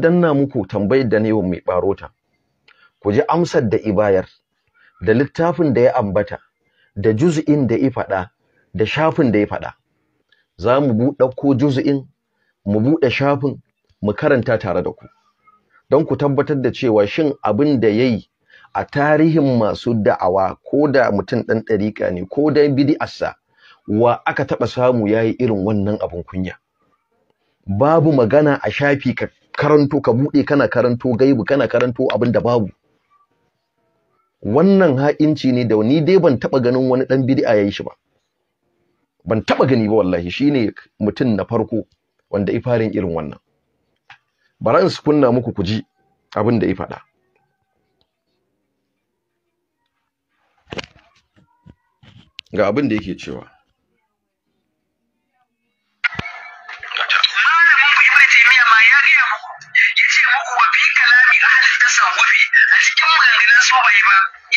danna muku tambayar da wa mai barota ku ji amsar da ibayar da littafin da ya ambata da juz'in da ya faɗa da shafin da ya faɗa za mu buɗe ko juz'in mu buɗe shafin mu karanta tare da ku don ku tabbatar da cewa shin abin da yayi a tarihin masu da'awa ko da mutum ɗan ɗariƙa ne ko da bidi'arsa wa aka taɓa samu ya yi irin wannan abin kunya babu magana a shafi ka karanto ka buɗe kana karanto gaibu kana karanto abin da babu wannan ha'inci ne da ni dai ban taɓa ganin wani ɗan bid'a yayi shi ba ban taɓa gani ba wallahi shine mutum na farko wanda farin irin wannan bara in sukunna kunna muku ku ji abin da ya faɗa ga abin da yake cewa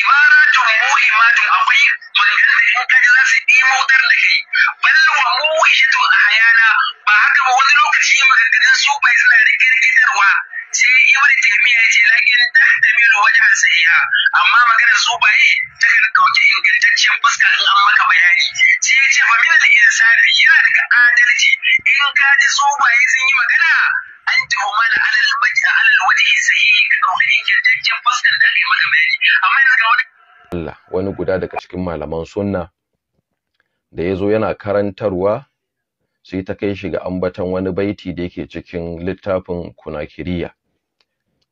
maratun muhi matun akwai magan da in kaji za su ɗi wutar da kai mu muhi shatun a hayana ba haka ba wani lokaci maganganun su bai suna rikitarwa sai eh, ibn taymiya yace lakin tahtamilu wajhan sahiha amma magana sufaye ta kan dauki ingantaccen fuska in an maka bayani sai ya ce fa min al-insani yana daga adalci in ka ji sufaye sun yi magana an tuhuma da alal majal alal wajhi sahihi ka dauki ingantaccen fuskar da aka yi maka bayani amma yanzu ga wani Allah wani guda daga cikin malaman sunna da ya zo yana karantarwa sai ta kai shi ga ambaton wani baiti da yake cikin littafin kunakiriya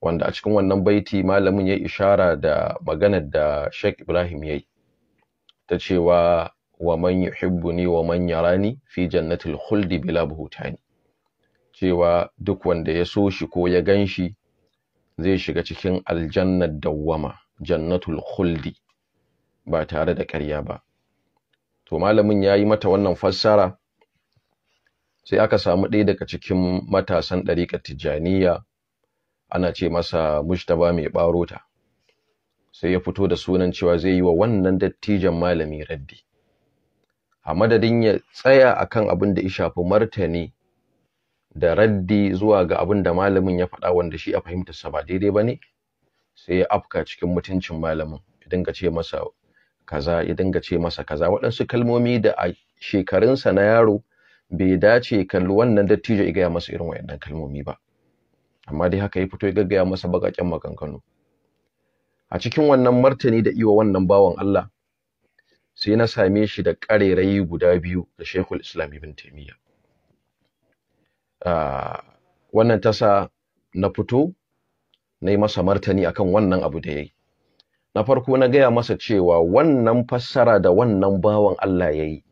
wanda a cikin wannan baiti malamin ya ishara da maganar da Sheikh Ibrahim yayi ta cewa wa man yuhibbuni wa man yarani fi jannatil khuldi bila buhutani cewa duk wanda ya so shi ko ya gan shi zai shiga cikin aljannar dawwama jannatul khuldi ba tare da ƙarya ba to malamin ya yi mata wannan fassara sai aka samu ɗaya daga cikin matasan ɗariƙar tijjaniya ana ce masa mujtaba mai barota sai ya fito da sunan cewa zai yi wa wannan dattijan malami raddi a madadin ya tsaya akan abin da ya shafi martani da raddi zuwa ga abin da malamin ya faɗa wanda shi a fahimtarsa ba daidai ba ne sai ya afka cikin mutuncin malamin ya dinga ce masa kaza ya dinga ce masa kaza waɗansu kalmomi da a shekarunsa na yaro bai dace kalli wannan dattijo ya gaya masa irin waɗannan kalmomi ba amma dai haka ya fito ya gaggaya masa bakaken maganganu a cikin wannan martani da iwa wannan bawan Allah sai na same shi da ƙarerayi guda biyu da Sheikhul Islam Ibn Taymiyyah wannan tasa na fito na yi masa martani akan wannan abu da yayi na farko na gaya masa cewa wannan fassara da wannan bawan Allah yayi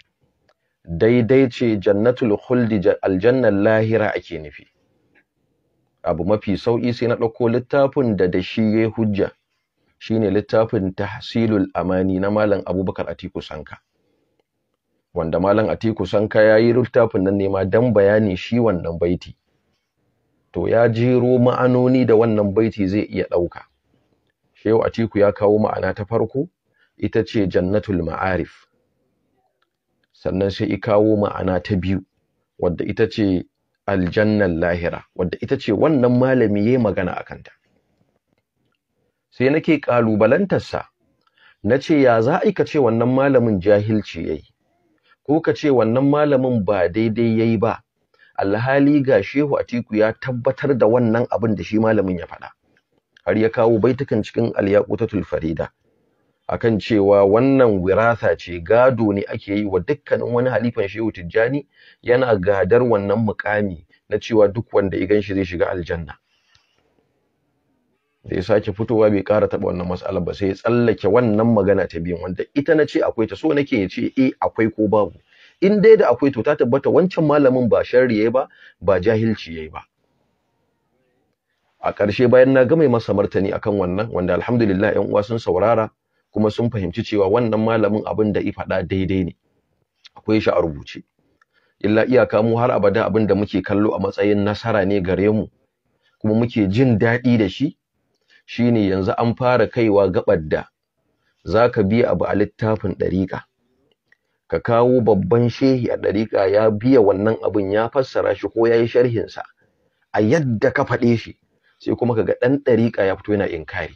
daidai ce jannatul khuldi aljannan lahira ake nufi abu mafi sauƙi sai na ɗauko littafin da da shi ya hujja shine littafin tahsilul amani na malam abubakar atiku sanka wanda malam atiku sanka ya yi littafin nan nema don bayani shi wannan baiti to ya jero ma'anoni da wannan baiti zai iya ɗauka shehu atiku ya kawo ma'ana ta farko ita ce jannatul ma'arif sannan sai i kawo ma'ana ta biyu wadda ita ce aljannan lahira wadda ita ce wannan malami yayi magana akan ta sai nake ƙalubalantarsa, na ce ya za a ka ce wannan malamin jahilci yayi ko ka ce wannan malamin ba daidai yayi ba alhali ga shehu atiku ya tabbatar da wannan abin da shi malamin ya faɗa har ya kawo baitukan cikin alyaqutatul farida akan cewa wannan wirasa ce gado ne ake yi wa dukkanin wani halifan shehu tijjani yana gadar wannan mukami na cewa duk wanda ya ganshi zai shiga aljanna zai sake fitowa bai ƙara taɓa wannan matsala ba sai ya tsallake wannan magana ta biyun wanda ita na ce akwai ta so nake ya ce eh akwai ko babu in dai da akwai to ta tabbata wancan malamin ba sharri yayi ba ba jahilci yayi ba a ƙarshe bayan na gama masa martani akan wannan wanda alhamdulillah ƴan uwa sun saurara kuma sun fahimci cewa wannan malamin abin da i faɗa daidai ne akwai shi a rubuce illa iyaka mu har abada abin da muke kallo a matsayin nasara ne gare mu kuma muke jin daɗi da shi shine yanzu an fara kaiwa gabar da zaka biya abu a littafin ɗariƙa ka kawo babban shehi a ɗariƙa ya biya wannan abin ya fassara shi ko ya yi sharhinsa a yadda ka faɗe shi sai kuma kaga ɗan ɗariƙa ya fito yana inkari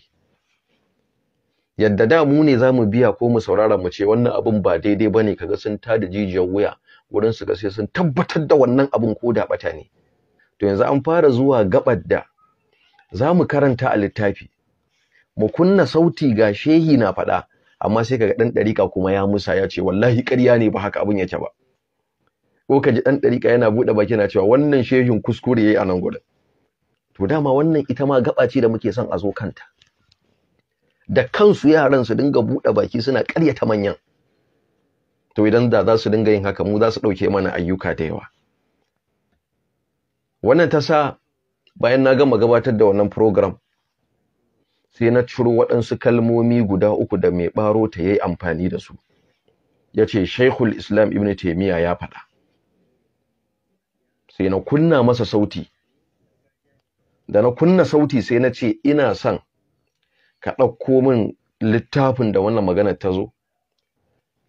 yadda da mu ne zamu biya ko mu saurara mu ce wannan abin ba daidai bane ne kaga sun tada jijiyar wuya wurin su gaske sun tabbatar da wannan abin ko da bata ne to yanzu an fara zuwa gabar da za karanta a littafi mu kunna sauti ga shehi na faɗa amma sai kaga ɗan ɗariƙa kuma ya musa ya ce wallahi ƙarya ne ba haka abin yake ba ko ka ji ɗan ɗariƙa yana buɗe baki yana cewa wannan shehin kuskure yayi a nan to dama wannan ita ma gaba ce da muke son a zo kanta da kansu yaran su dinga buɗe baki suna ƙaryata manyan to idan da za su dinga yin haka mu za su ɗauke mana ayyuka da yawa wannan ta sa bayan na gama gabatar da wannan program sai na ciro waɗansu kalmomi guda uku da mai ɓaro ta yi amfani da su ya ce islam ibn taimiya ya faɗa sai na kunna masa sauti da na kunna sauti sai na ce ina son ka ɗauko min littafin da wannan magana ta zo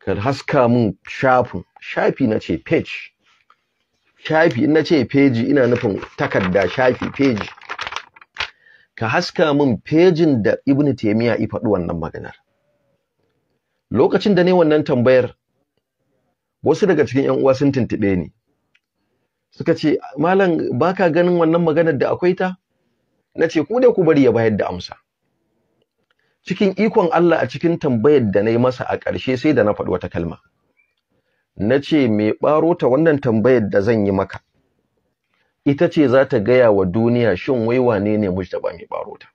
ka haska mun shafin shafi na ce page shafi in na ce page ina nufin takarda shafi page ka haska mun pejin da ibnu taymiya i faɗi wannan maganar lokacin da ne wannan tambayar wasu daga cikin ƴan uwa sun tuntube ni suka ce malam baka ganin wannan maganar da akwai ta nace ku dai ku bari ya bayar da amsa cikin ikon Allah a cikin tambayar da na yi masa a ƙarshe sai da na faɗi wata kalma na ce mai ɓaro ta wannan tambayar da zan yi maka ita ce za ta gaya wa duniya shin wai wane ne mujtaba mai ɓaro ta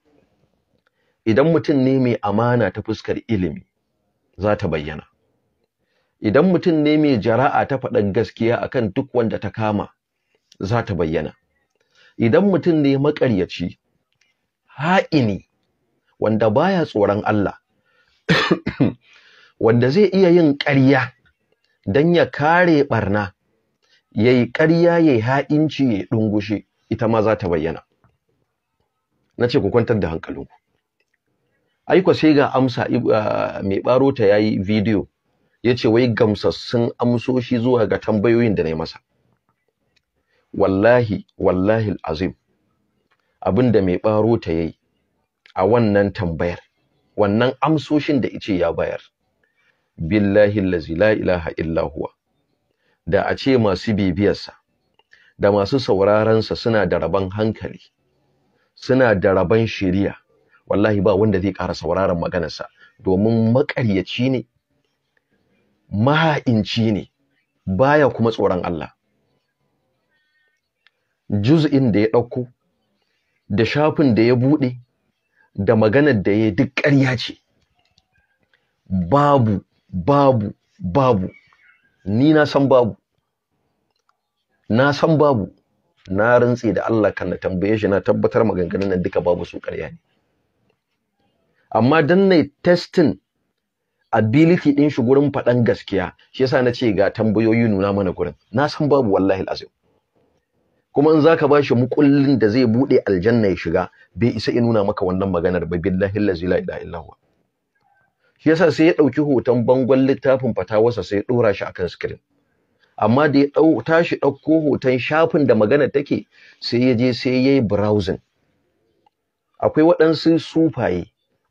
idan mutum ne mai amana ta fuskar ilimi za ta bayyana idan mutum ne mai jara'a ta faɗan gaskiya akan duk wanda ta kama za ta bayyana idan mutum ne maƙaryaci ha'ini wanda baya tsoron Allah wanda zai iya yin ƙarya don ya kare ɓarna, ya yi ƙarya ya yi ha'inci ya ɗungushe ita ma za ta bayyana na ce ku kwantar da hankalinku aiko sai ga amsa mai ɓaro ta ya yi bidiyo ya ce wai gamsassun amsoshi zuwa ga tambayoyin da na yi masa wallahi wallahi azim abinda mai ɓaro ta ya yi a wannan tambayar wannan amsoshin da ice ya bayar billahi allazi la ilaha illa da a ce masu bibiyarsa da masu saurarensa suna da rabon hankali suna da rabon shiriya wallahi ba wanda zai ƙara sauraron maganarsa domin maƙaryaci ne maha'inci ne baya kuma tsoron Allah juz'in da ya ɗauko da shafin da ya buɗe da maganar da ya duk ƙarya ce babu babu babu ni na san babu na san babu na rantse da Allah kan na tambaye shi na tabbatar maganganun nan duka babu su ƙarya ne amma dan ne testing ability din shi gurin faɗan gaskiya shi yasa na ce ga tambayoyi nuna mana gurin na san babu wallahi alazim kuma in zaka bashi mukullin da zai bude aljanna ya shiga bai isa ya nuna maka wannan maganar ba billahi allazi la ilaha illa shi yasa sai ya dauki hoton bangon littafin fatawarsa sai ya dora shi akan screen amma da ya dau tashi dauko hoton shafin da maganar take sai ya je sai yayi browsing akwai waɗansu sufaye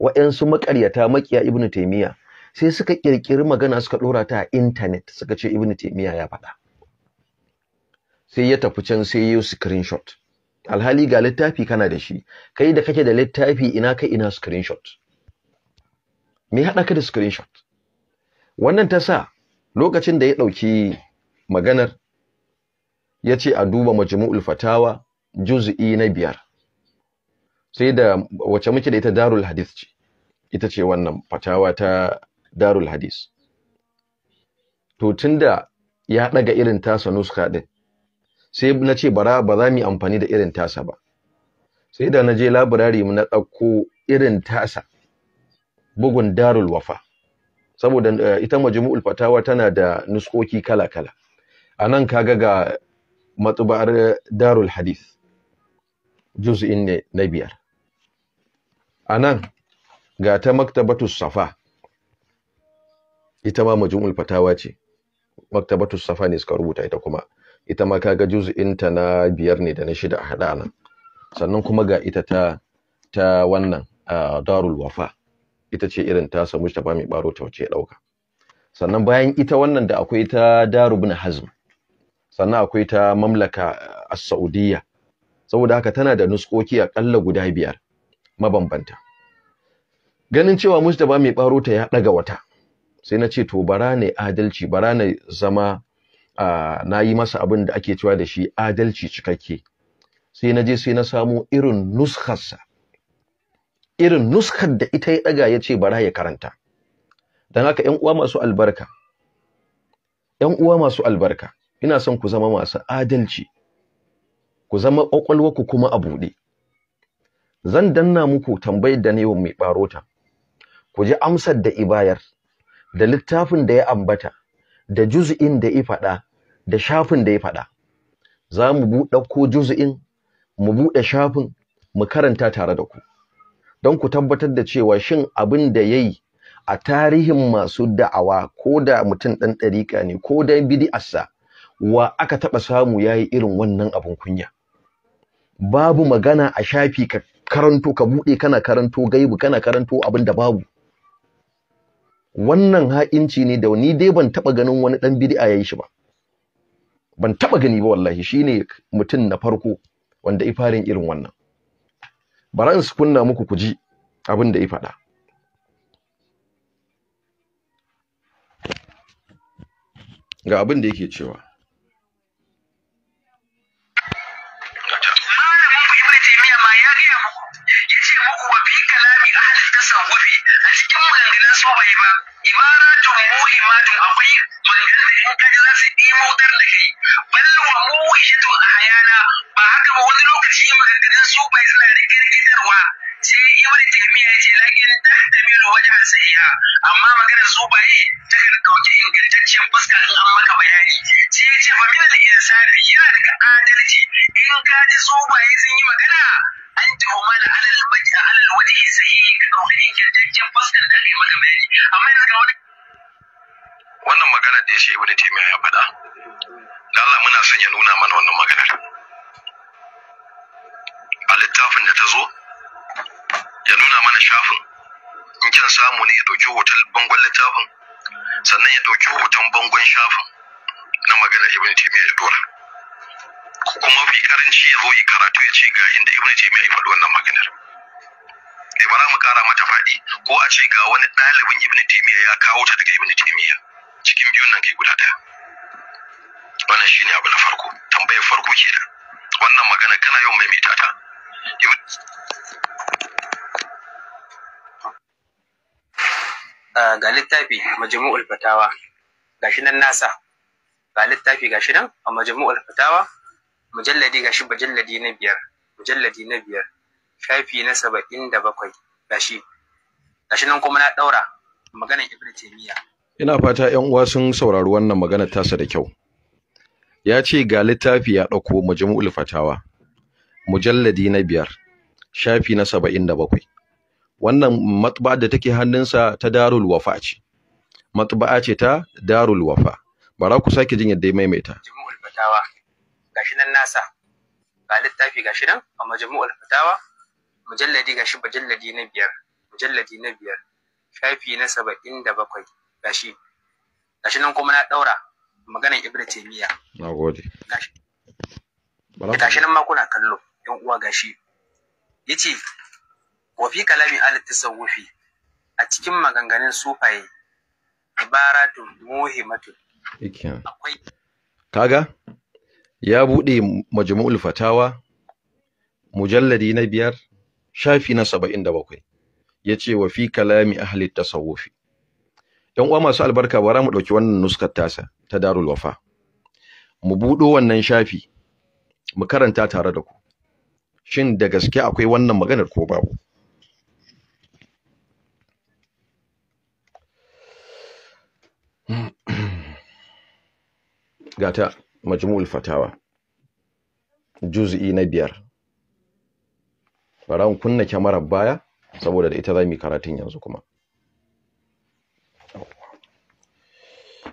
waɗansu makaryata makiya ibnu taymiya sai suka kirkiri magana suka dora ta a internet suka ce ibnu taymiya ya faɗa sai ya tafi can sai ya yi screenshot alhali ga littafi kana da shi kai da kake da littafi ina kai ina screenshot me haɗa ka da screenshot wannan ta sa lokacin da ya ɗauki maganar ya ce a duba majmu'ul fatawa juz'i na biyar sai da wace muke da ita darul hadith ce ita ce wannan fatawa ta darul hadis. to tunda ya ga irin tasa nuska din. sai na ce bara ba za mu yi amfani da irin tasa ba sai da na je labirari na ɗauko irin tasa bugun darul wafa saboda eh, ita majmu'ul fatawa tana da nuskoki kala-kala a nan kaga ga matubar darul hadith juz'in ne na biyar a nan ga ta maktabatus safa ita ma majmu'ul fatawa ce maktabatus safa ne suka rubuta ita kuma ita ma kaga juz'inta na biyar ne da na shida a haɗa nan sannan kuma ga ita ta ta wannan darul wafa ita ce irin ta samu ta ba mai baro ta wace ɗauka sannan bayan ita wannan da akwai ta daru bin hazm sannan akwai ta mamlaka a saudiyya saboda haka tana da nuskoki a ƙalla guda biyar mabambanta ganin cewa mustapha mai baro ta ya ɗaga wata sai na ce to bara ne adalci bara ne zama na yi masa abin da ake cewa da shi adalci cikakke sai na je sai na samu irin nuskarsa irin nuskar da ita ya daga ya ce bara ya karanta don haka ‘yan uwa masu albarka ‘yan uwa masu albarka ina son ku zama masu adalci ku zama ku kuma a buɗe zan danna muku tambayar da ne mai ɓarota ku ji amsar da ibayar da littafin da ya ambata da juz'in da ya faɗa da shafin da ya faɗa za mu ko juz'in mu buɗe shafin mu karanta tare da ku don ku tabbatar da cewa shin abin da ya yi a tarihin masu da'awa ko da mutum ɗan ɗarika ne ko da bidi'arsa wa aka taɓa samu ya yi irin wannan abin kunya babu magana a shafi ka karanto ka buɗe kana karanto gaibu kana karanto abin da babu wannan ha'inci ne da ni dai ban taba ganin wani dan bid'a yayi shi ba ban taba gani ba wallahi shi ne mutum na farko wanda farin irin wannan bara in su kunna muku kuji abin da ya faɗa ga abin da yake cewa muhimmatun akwai maganar da in kaji za su nemo wutar da kai ballu wa muwishatun a hayana ba haka ba wani lokaci maganganun su bai suna da girgitarwa sai ibn taymiya ya ce lakin tahtamilu wajhan sahiha amma maganar su bai ta kan dauki ingantaccen fuska in an maka bayani sai ya ce fa min al-insani yana daga adalci in kaji su bai sun yi magana an tuhuma da alal majda alal wajhi sahihi ka dauki ingantaccen fuska da aka maka bayani amma yanzu ga wani wannan magana da ya shi ibn taymiya ya faɗa da Allah muna son ya nuna mana wannan maganar a littafin da ta zo ya nuna mana shafin in kin samu ne ya dauki hoton bangon littafin sannan ya dauki hoton bangon shafin na maganar ibn taymiya ya dora kuma fi karanci ya zo yi karatu ya ce ga inda ibn taymiya ya faɗi wannan maganar ibrahim eh, kara mata faɗi ko a ce ga wani ɗalibin ibn timiya ya kawo ta daga ibn timiya cikin biyun nan kai guda ɗaya wannan shine abu na farko tambayar farko kenan wannan magana kana yau maimaita ta ah, ga littafi majmu'ul fatawa gashi nan nasa ga littafi gashi nan a majmu'ul fatawa mujalladi gashi mujalladi na biyar mujalladi na biyar shafi na saba'in da bakwai gashi gashi nan kuma na ɗaura maganar ibn taymiya ina fata ƴan uwa sun saurari wannan magana tasa da kyau ya ce ga littafi ya ɗauko majmu'ul fatawa mujalladi na biyar shafi na saba'in da bakwai wannan matba da take hannunsa ta darul wafa ce matba'a ce ta darul wafa bara ku sake jin yadda ya maimaita majmu'ul fatawa gashi nan nasa ga littafi gashi nan a majmu'ul fatawa mujalladi gashi mujalladi na biyar mujalladi na biyar shafi na saba'in da bakwai gashi gashi nan kuma na daura maganan ibnu taymiya nagode gashi gashi nan ma kuna kallo yan uwa gashi yace wa fi kalami al-tasawufi a cikin maganganun sufaye ibaratun muhimmatun akwai kaga ya bude majmu'ul fatawa mujalladi na biyar shafi na saba'in da bakwai ya ce wa fi kalami ahli tasawufi yan uwa masu albarka bara mu ɗauki wannan nuskar tasa ta darul wafa mu buɗo wannan shafi mu karanta tare da ku shin da gaske akwai wannan maganar ko babu gata majmu'ul fatawa juz'i na biyar bara kunna kyamarar baya saboda da ita za mu yi karatun yanzu kuma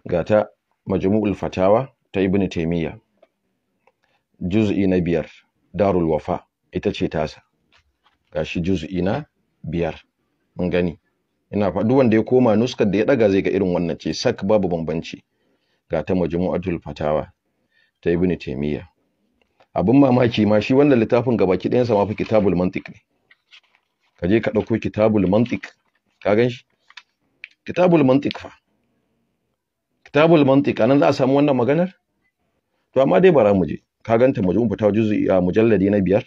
ga ta majmu'ul fatawa ta ibn taimiyya juz'i na biyar darul wafa ita ce tasa gashi juz'i na biyar mun gani ina faɗi wanda ya koma nuskar da ya ɗaga zai ga irin wannan ce sak babu bambanci ga ta majmu'atul fatawa ta ibn taimiyya abin mamaki ma shi wannan littafin gaba ɗayan sa ma fi kitabul mantiq ne ka ka ɗauko kitabul mantiq ka ganshi. kitabul mantiq fa kitabul mantiq anan za a samu wannan maganar to amma dai bara mu je ka ganta mu je mu fita juzu'i a mujalladi na biyar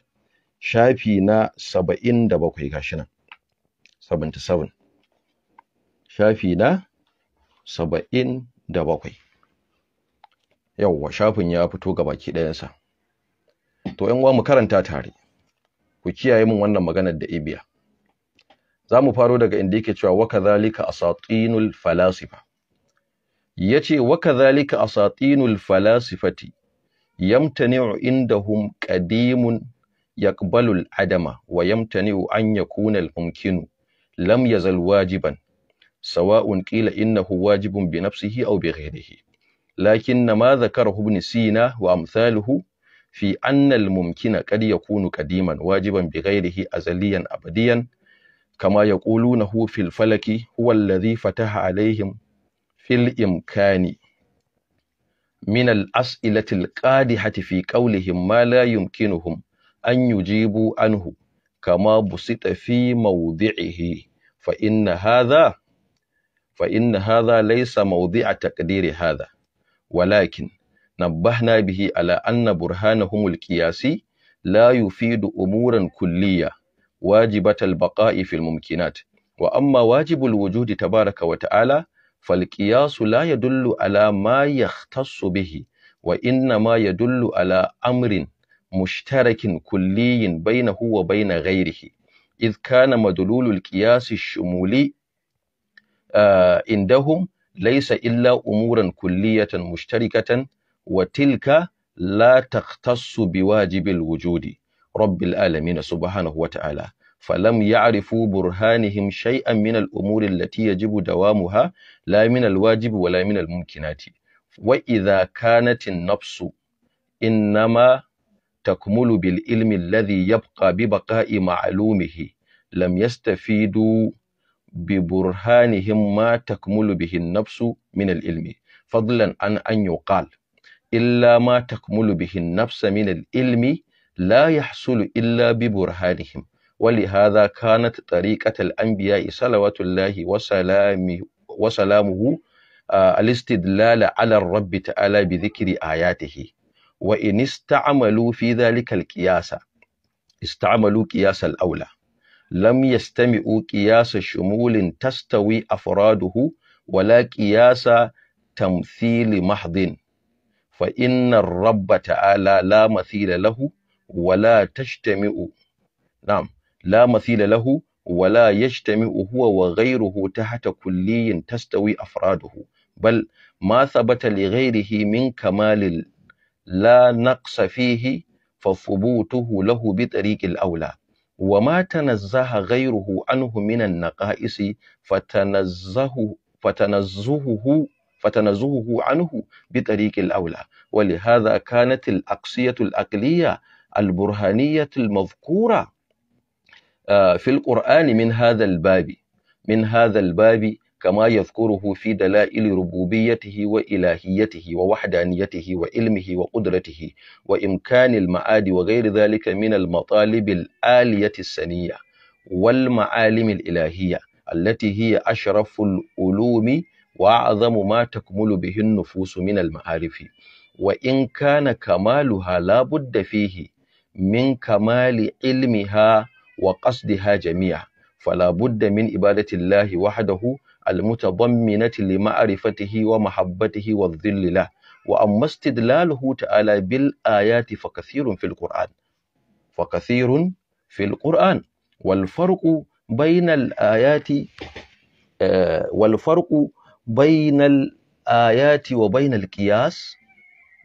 shafi na 77 gashi nan 77 shafi na 77 yawwa shafin ya fito ga gabaki ɗayansa to yan uwa mu karanta tare ku kiyaye min wannan maganar da ibiya za mu faro daga inda yake cewa wa kadhalika asatinul falasifa yace wa kadhalika asatinul falasifati yamtani'u indahum ƙadimun yaqbalu adama wa yamtani'u an yakuna al-mumkinu lam yazal wajiban sawa'un qila innahu wajibun bi nafsihi aw bi ghayrihi lakinna ma dhakarahu ibn sina wa amthaluhu fi anna al-mumkina qad yakunu qadiman wajiban bi ghayrihi azaliyan abadiyan kama ya yaqulunahu fil falaki huwa alladhi fataha alaihim fil imkani min al’as’ilatil ƙadi hati fi ƙaulihim ma la yumkinuhum an yujibu anhu kama busita fi mawdi'ihi fa inna hadha fa inna hadha laysa mawdi'a taqdiri hadha walakin nabbahna bihi ala anna burhanahum alqiyasi la yufidu umuran kulliya wajibat albaqa'i fil mumkinat wa amma wajibul wujudi tabaraka wa ta'ala falƙiyasu la ya dullu ala ma ya bihi wa inna ma ya dullu ala amrin mushtarakin kulliyin bainahu wa baina ghairihi إذ كان مدلول القياس الشمولي آه عندهم ليس إلا أمورا كلية مشتركة وتلك لا تختص بواجب الوجود رب العالمين سبحانه وتعالى فلم يعرفوا برهانهم شيئا من الأمور التي يجب دوامها لا من الواجب ولا من الممكنات وإذا كانت النفس إنما تكمل بالعلم الذي يبقى ببقاء معلومه لم يستفيدوا ببرهانهم ما تكمل به النفس من العلم فضلا عن أن يقال إلا ما تكمل به النفس من العلم لا يحصل إلا ببرهانهم ولهذا كانت طريقة الأنبياء صلوات الله وسلامه, وسلامه الاستدلال على الرب تعالى بذكر آياته وإن استعملوا في ذلك القياس استعملوا قياس الأولى لم يستمعوا قياس شمول تستوي أفراده ولا قياس تمثيل محض فإن الرب تعالى لا مثيل له ولا تجتمع نعم لا مثيل له ولا يجتمع هو وغيره تحت كلي تستوي أفراده بل ما ثبت لغيره من كمال لا نقص فيه فثبوته له بطريق الأولى وما تنزه غيره عنه من النقائص فتنزه فتنزهه فتنزهه عنه بطريق الأولى ولهذا كانت الأقصية الأقلية البرهانية المذكورة آه، في القرآن من هذا الباب من هذا الباب كما يذكره في دلائل ربوبيته وإلهيته ووحدانيته وعلمه وقدرته وإمكان المعاد وغير ذلك من المطالب الآلية السنية والمعالم الإلهية التي هي أشرف العلوم وأعظم ما تكمل به النفوس من المعارف وإن كان كمالها لا بد فيه من كمال علمها وقصدها جميعا فلا بد من عبادة الله وحده المتضمنة لمعرفته ومحبته والذل له وأما استدلاله تعالى بالآيات فكثير في القرآن فكثير في القرآن والفرق بين الآيات آه، والفرق بين الآيات وبين القياس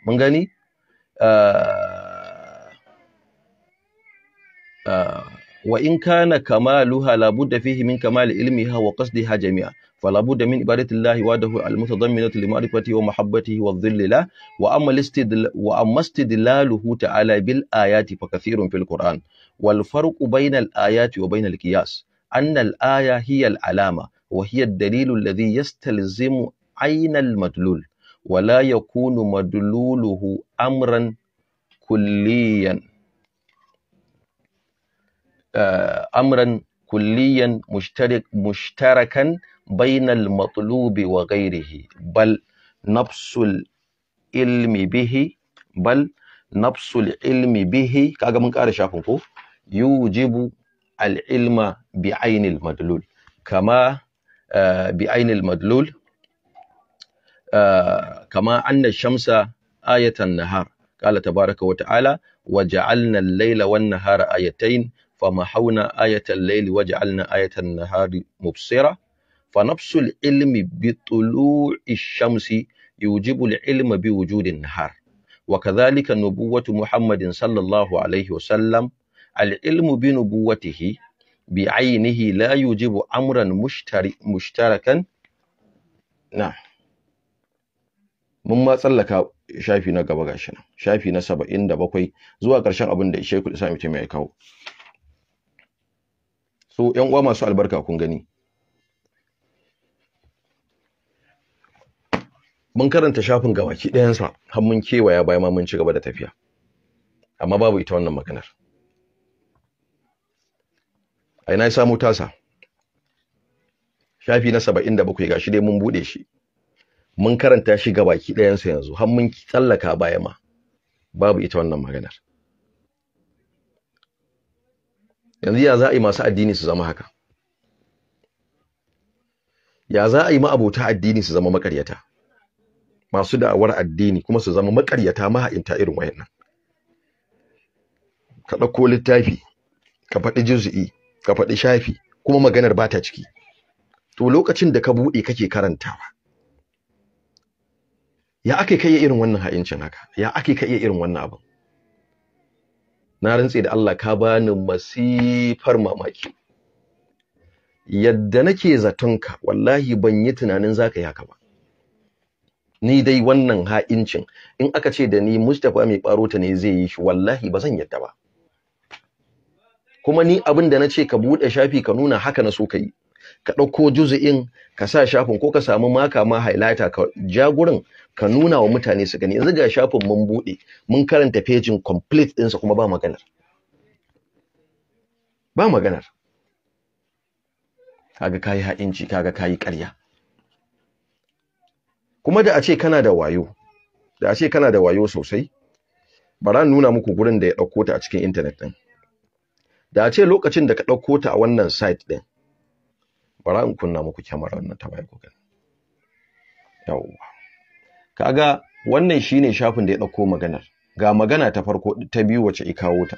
من غني آه آه wa in kana kamaluha labudda fihimin min kamali ilmiha wa qasdiha jami'a fala budda min ibadatillahi wahdahu almutadamminati lima'rifatihi wa mahabbatihi wa dhilli la wa amma wa amma ta'ala bil ayati fa kathirun fil qur'an wal farqu bainal ayati wa bainal qiyas anna aya hiya alama wa hiya dalilun dalil alladhi yastalzimu ayna madlul wala la yakunu madluluhu amran kulliyan amran kulliyan mushtarakan bainal matlubi wa gairihi, bal nafsul ilmi bihi bal nafsul ilmi bihi kaga mun ƙara shafin ko yujibu al ilma bi ainil madlul kama bi ainil madlul kama anna shamsa ayatan nahar qala tabaraka wa ta'ala wa ja'alna al-layla wan nahara ayatayn فمحونا آية الليل وجعلنا آية النهار مبصرة فنفس العلم بطلوع الشمس يوجب العلم بوجود النهار وكذلك نبوة محمد صلى الله عليه وسلم العلم بنبوته بعينه لا يوجب أمرا مشتركا نعم mun ma tsallaka shafi na gaba gashi nan shafi na 77 zuwa ƙarshen abin da Sheikhul Islam Taimiyya ya kawo so yan uwa masu albarka kun gani mun karanta shafin gabaki ɗayansa har mun kewaya bayan ma mun ci gaba da tafiya amma babu ita wannan maganar a ina ya samu tasa shafi na saba'in da bakwai gashi dai mun bude shi mun karanta shi gabaki ɗayansa yanzu har mun tsallaka baya ma babu ita wannan maganar yanzu ya za a yi masu addini su zama haka ya za a yi ma'abota addini su zama makaryata masu da'awar addini kuma su zama makaryata maha'inta irin wayannan ka ɗauko littafi ka faɗi juzu'i ka faɗi shafi kuma maganar ba ta ciki to lokacin da ka buɗe kake karantawa ya ake ka irin wannan ha'incin haka ya ake ka iya irin wannan abin na rantse da Allah ka bani masifar mamaki yadda nake zatonka wallahi ban yi tunanin zaka yi haka ba ni dai wannan ha'incin in aka ce da ni Mustapha mai barota ne zai yi shi wallahi bazan zan yadda ba kuma ni abin da nace ka bude shafi ka nuna haka na so ka yi ka ɗauko juzu'in ka sa shafin ko ka samu maka ma highlighter ka ja gurin ka nuna wa mutane su gani yanzu ga shafin mun buɗe mun karanta pejin complete ɗinsa kuma ba maganar ba maganar kaga kayi ha'inci kaga kayi ƙarya kuma da a ce kana da wayo da a ce kana da wayo sosai bara nuna muku gurin da ya ɗauko ta a cikin intanet ɗin da a ce lokacin da ka ɗauko ta a wannan site ɗin bara in kunna muku kyamarar nan ta baya ku gani yawwa kaga wannan shine shafin da ya dauko maganar ga magana ta farko ta biyu wace i kawo ta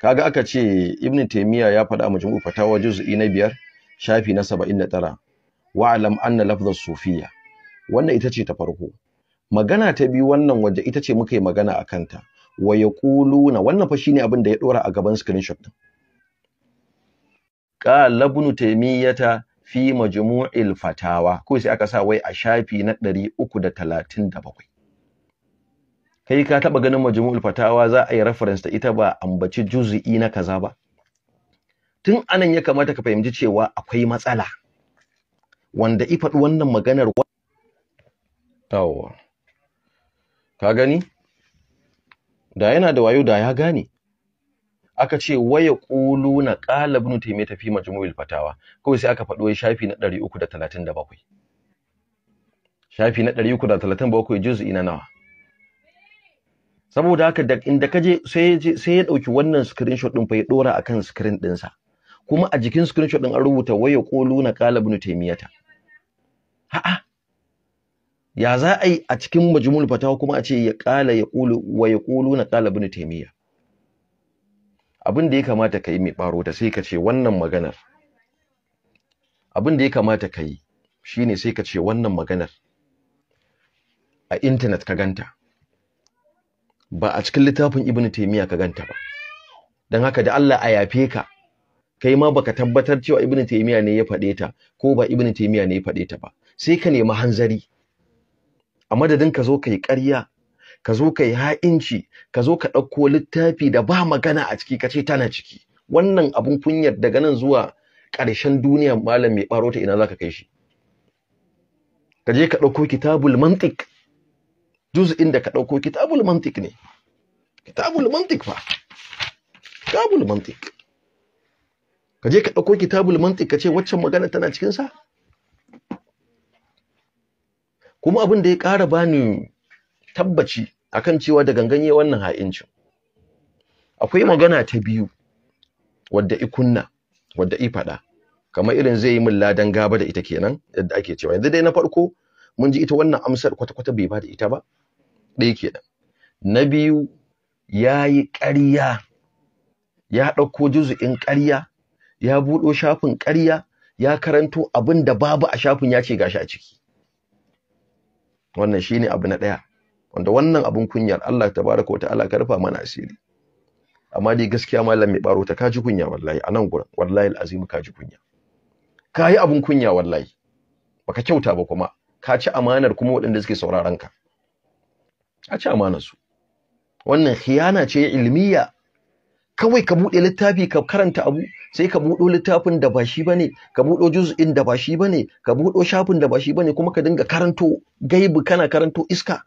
kaga aka ce ibnu taymiya ya faɗa a majmu'u fatawa juz'i na biyar shafi na 79 alam anna lafdhas sufiyya wannan ita ce ta farko magana ta biyu wannan waje ita ce muka yi magana a kanta wa yaquluna wannan fa shine abin da ya dora a gaban screenshot din qala ibn taymiyata fi majmu'il fatawa ko sai aka sa wai a shafi na 337 kai ka taba ganin majmu'ul fatawa za a yi reference ta ita ba ambaci juz'i na kaza ba tun anan ya kamata ka fahimci cewa akwai matsala wanda i faɗi wannan maganar yawwa ka gani da yana da wayo da ya gane aka ce waya na ƙala ibn taymiyyah tafi majmu'il fatawa kawai sai aka faɗo shafi na 337 shafi na 337 juz'i na nawa saboda haka da inda ka je sai ya ɗauki wannan screenshot ɗin fa ya a akan screen ɗinsa. kuma a jikin screenshot ɗin an rubuta waya quluna qala ibn taymiyyah Ha'a. ya za a yi a cikin majmul fatawa kuma a ce ya ƙala ya kulu na ƙala ibn taymiya abin da ya kamata ka yi mai ɓaro ta sai ka ce wannan maganar abin da ya kamata ka yi shine sai ka ce wannan maganar a intanet ka ganta ba a cikin littafin ibn taimiyya ka ganta ba don haka da Allah a yafe ka kai ma baka tabbatar cewa ibn taimiyya ne ya faɗe ta ko ba ibn taimiyya ne ya faɗe ta ba sai ka nemi hanzari a madadin ka zo ka yi ƙarya ka zo ka yi ha'inci ka zo ka ɗauko littafi da ba magana a ciki ka ce tana ciki wannan abun kunyar daga nan zuwa ƙarshen duniya malam mai ɓaro ta ina za ka kai shi ka je ka ɗauko kitabul mantik juz'in da ka ɗauko kitabul mantik ne kitabul mantik fa kitabul mantik ka je ka ɗauko kitabul mantik ka ce waccan magana tana cikinsa kuma abin da ya ƙara bani tabbaci akan cewa da gangan yi wannan ha'incin akwai magana ta biyu wadda kunna, wadda i faɗa kamar irin zai yi min ladan gaba da ita kenan yadda ake cewa yanzu dai na farko mun ji ita wannan amsar kwata-kwata bai bada ita ba ɗaya kenan na biyu ya yi ƙarya ya ɗauko juzu'in ƙarya ya buɗo shafin ƙarya ya karanto abin da babu a shafin ya ce gashi a ciki wannan shine abu na ɗaya wanda wannan abun kunyar Allah tabaraka wata'ala ka rufa mana asiri amma dai gaskiya malam mai baro ta kaji kunya wallahi anan gura wallahi alazim kaji kunya kayi abin kunya wallahi baka kyauta ba kuma ka ci amanar kuma waɗanda suke sauraron ka a ci amanar su wannan khiyana ce ilmiya kawai ka buɗe littafi ka karanta abu sai ka buɗo littafin da ba shi bane ka buɗo juz'in da ba shi bane ka buɗo shafin da ba shi bane kuma ka dinga karanto gaibi kana karanto iska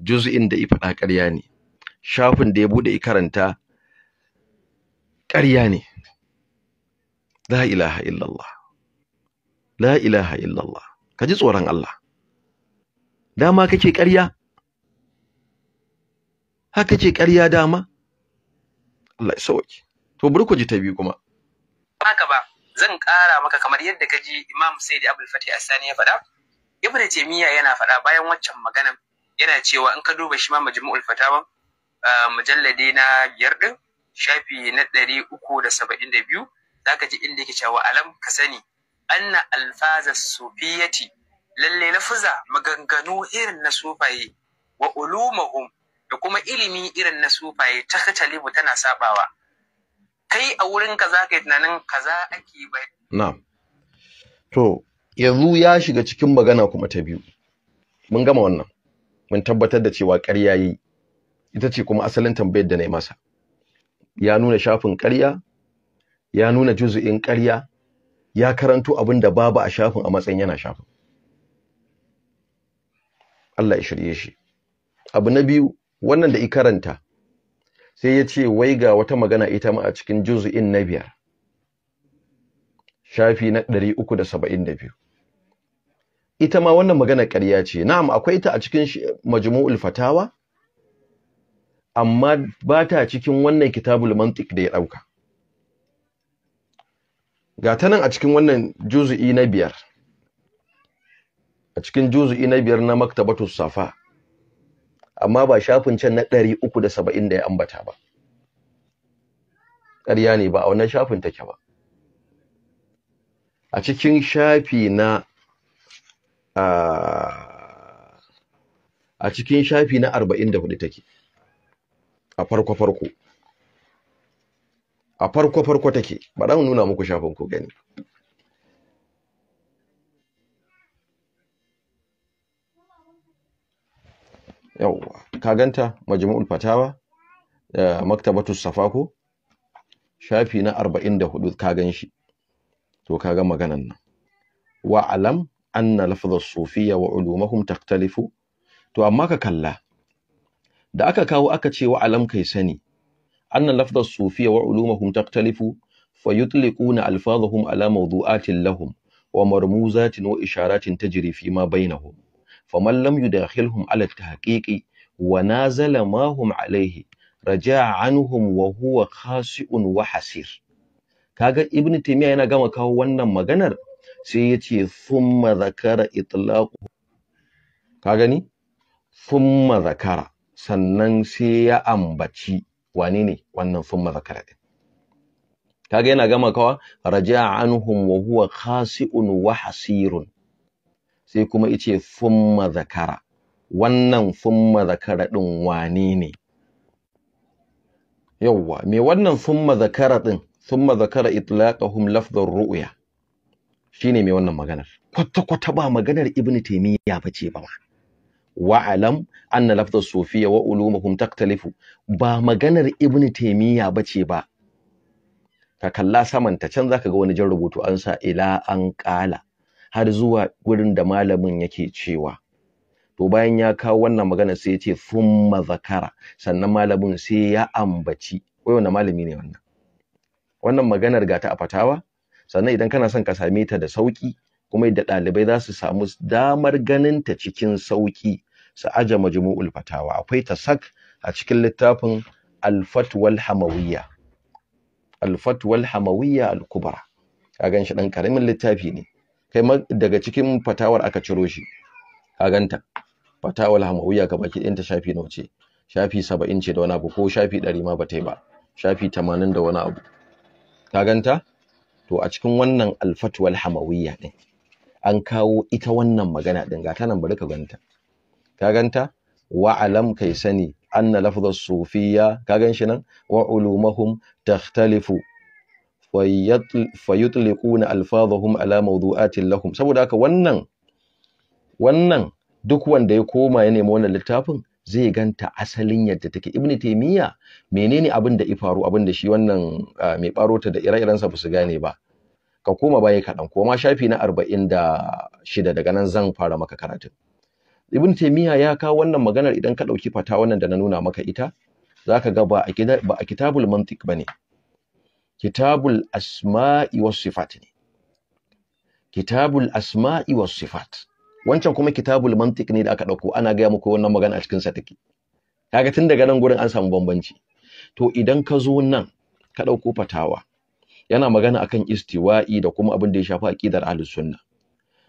juz'in da ya faɗa ƙarya ne shafin da ya buɗe ya karanta ƙarya ne la ilaha illallah la ilaha illallah ka ji tsoron Allah dama kake ƙarya haka ce ƙarya dama Allah ya sauke to burku ji ta biyu kuma haka ba zan ƙara maka kamar yadda ka ji Imam Sayyid Abdul Fatih Asani ya faɗa Ibn Taymiyyah yana faɗa bayan waccan maganar yana cewa in ka duba shi ma majmu'ul fatawa mujallade na biyar din shafi na ɗari uku da saba'in da biyu za ka ji inda yake cewa alam ka sani anna alfaza sufiyati lalle lafuza maganganu irin na sufaye wa ulumahum da kuma ilimi irin na sufaye ta talibu tana sabawa kai a wurin ka za ka yi tunanin kaza ake bai na'am to yanzu ya shiga cikin magana kuma ta biyu mun gama wannan mun tabbatar da cewa ƙarya yi ita ce kuma asalin tambayar da na masa ya nuna shafin ƙarya ya nuna juzu'in ƙarya ya karanto abin da babu a shafin a matsayin yana shafin Allah ya shirye shi abu na biyu wannan da i karanta sai ya ce wai ga wata magana ita ma a cikin juzu'in na biyar shafi na 372 ita ma wannan magana ƙarya ce na'am akwai ita a cikin majmu'ul fatawa amma ba ta cikin wannan kitabul mantiq da ya dauka ga ta nan a cikin wannan juzu'i na biyar a cikin juzu'i na biyar na maktabatus safa amma ba shafin can na 370 da ya ambata ba ƙarya ne ba a wannan shafin take ba a cikin shafi na a cikin shafi na 44 take a farko farko a farko farko take ba za mu nuna muku shafin ku gani yawwa ka ganta majmu'ul fatawa eh, maktabatu safaku shafi na 44 ka gan shi to ka ga maganan nan wa alam anna lafaz as-sufiyya wa ulumuhum taktalifu to amma ka kalla da aka kawo aka ce wa alam kai sani anna lafaz Sufiya sufiyya wa ulumuhum taktalifu fayutliquna alfazahum ala mawdu'atin lahum wa marmuzatin wa isharatin ta tajri fi ma bainahum faman lam yudakhilhum ala at-tahqiqi wa nazala ma hum alayhi raja'a anhum wa huwa khasi'un wa hasir kaga ibnu taymiya yana gama kawo wannan maganar sai ya ce thumma zakara itlaqu ka gani thumma zakara sannan sai ya ambaci Wani ne wannan thumma zakara din kaga yana gama kawa raja'a anhum wa huwa khasi'un wa hasirun sai kuma ice thumma zakara wannan thumma zakara din wani ne yawwa me wannan thumma zakara din thumma zakara itlaqahum lafdhur ru'ya shine mai wannan maganar kwata-kwata ba maganar ibnu taymiya ba ce ba ma wa'alam anna lafdha sufiyya wa ulumuhum taktalifu ba maganar ibnu taymiya ba ce ba ka kalla saman ta can zaka ga wani jan rubutu an sa ila an qala har zuwa gurin da malamin yake cewa to bayan ya kawo wannan magana sai ya ce thumma zakara sannan malamin sai ya ambaci wai wannan malami ne wannan wannan maganar gata a fatawa sannan idan kana son ka same ta da sauki kuma yadda ɗalibai za su samu damar ganin ta cikin sauki su aje majmu'ul fatawa akwai ta sak a cikin littafin al-fatwal hamawiyya al-fatwal hamawiyya al-kubra ka gan shi dan karamin littafi ne kai daga cikin fatawar aka ciro shi ka ganta fatawal hamawiyya ga baki ta shafi nawa ce shafi 70 ce da wani abu ko shafi 100 ma ba ta yi ba shafi 80 da wani abu ka ganta to a cikin wannan alfatwal hamawiyya din an kawo ita wannan magana din ga tanan bari ka ganta ka ganta wa alam kai sani anna lafdhu sufiyya ka gan shi nan wa ulumuhum takhtalifu fayutliquna alfadhahum ala mawdu'atin lahum saboda haka wannan wannan duk wanda ya koma ya nemi wannan littafin zai ganta asalin yadda take ibn taymiya menene abin da ifaru abin da shi wannan ah, mai barota da ire-iren sa su gane ba ka koma baya kaɗan koma shafi na arba'in 46 daga nan zan fara maka karatun ibn taymiya ya kawo wannan maganar idan ka dauki fata wannan da na nuna maka ita zaka ga ba a ba a kitabul mantiq bane kitabul asma'i was sifat ne kitabul asma'i was sifat wancan kuma kitabul mantiq ne da aka dauko ana gaya muku wannan magana a cikin sa take kaga tun daga nan gurin an samu bambanci to idan ka zo nan ka dauko fatawa yana magana akan istiwa'i da kuma abin da ya shafi aqidar ahlus sunna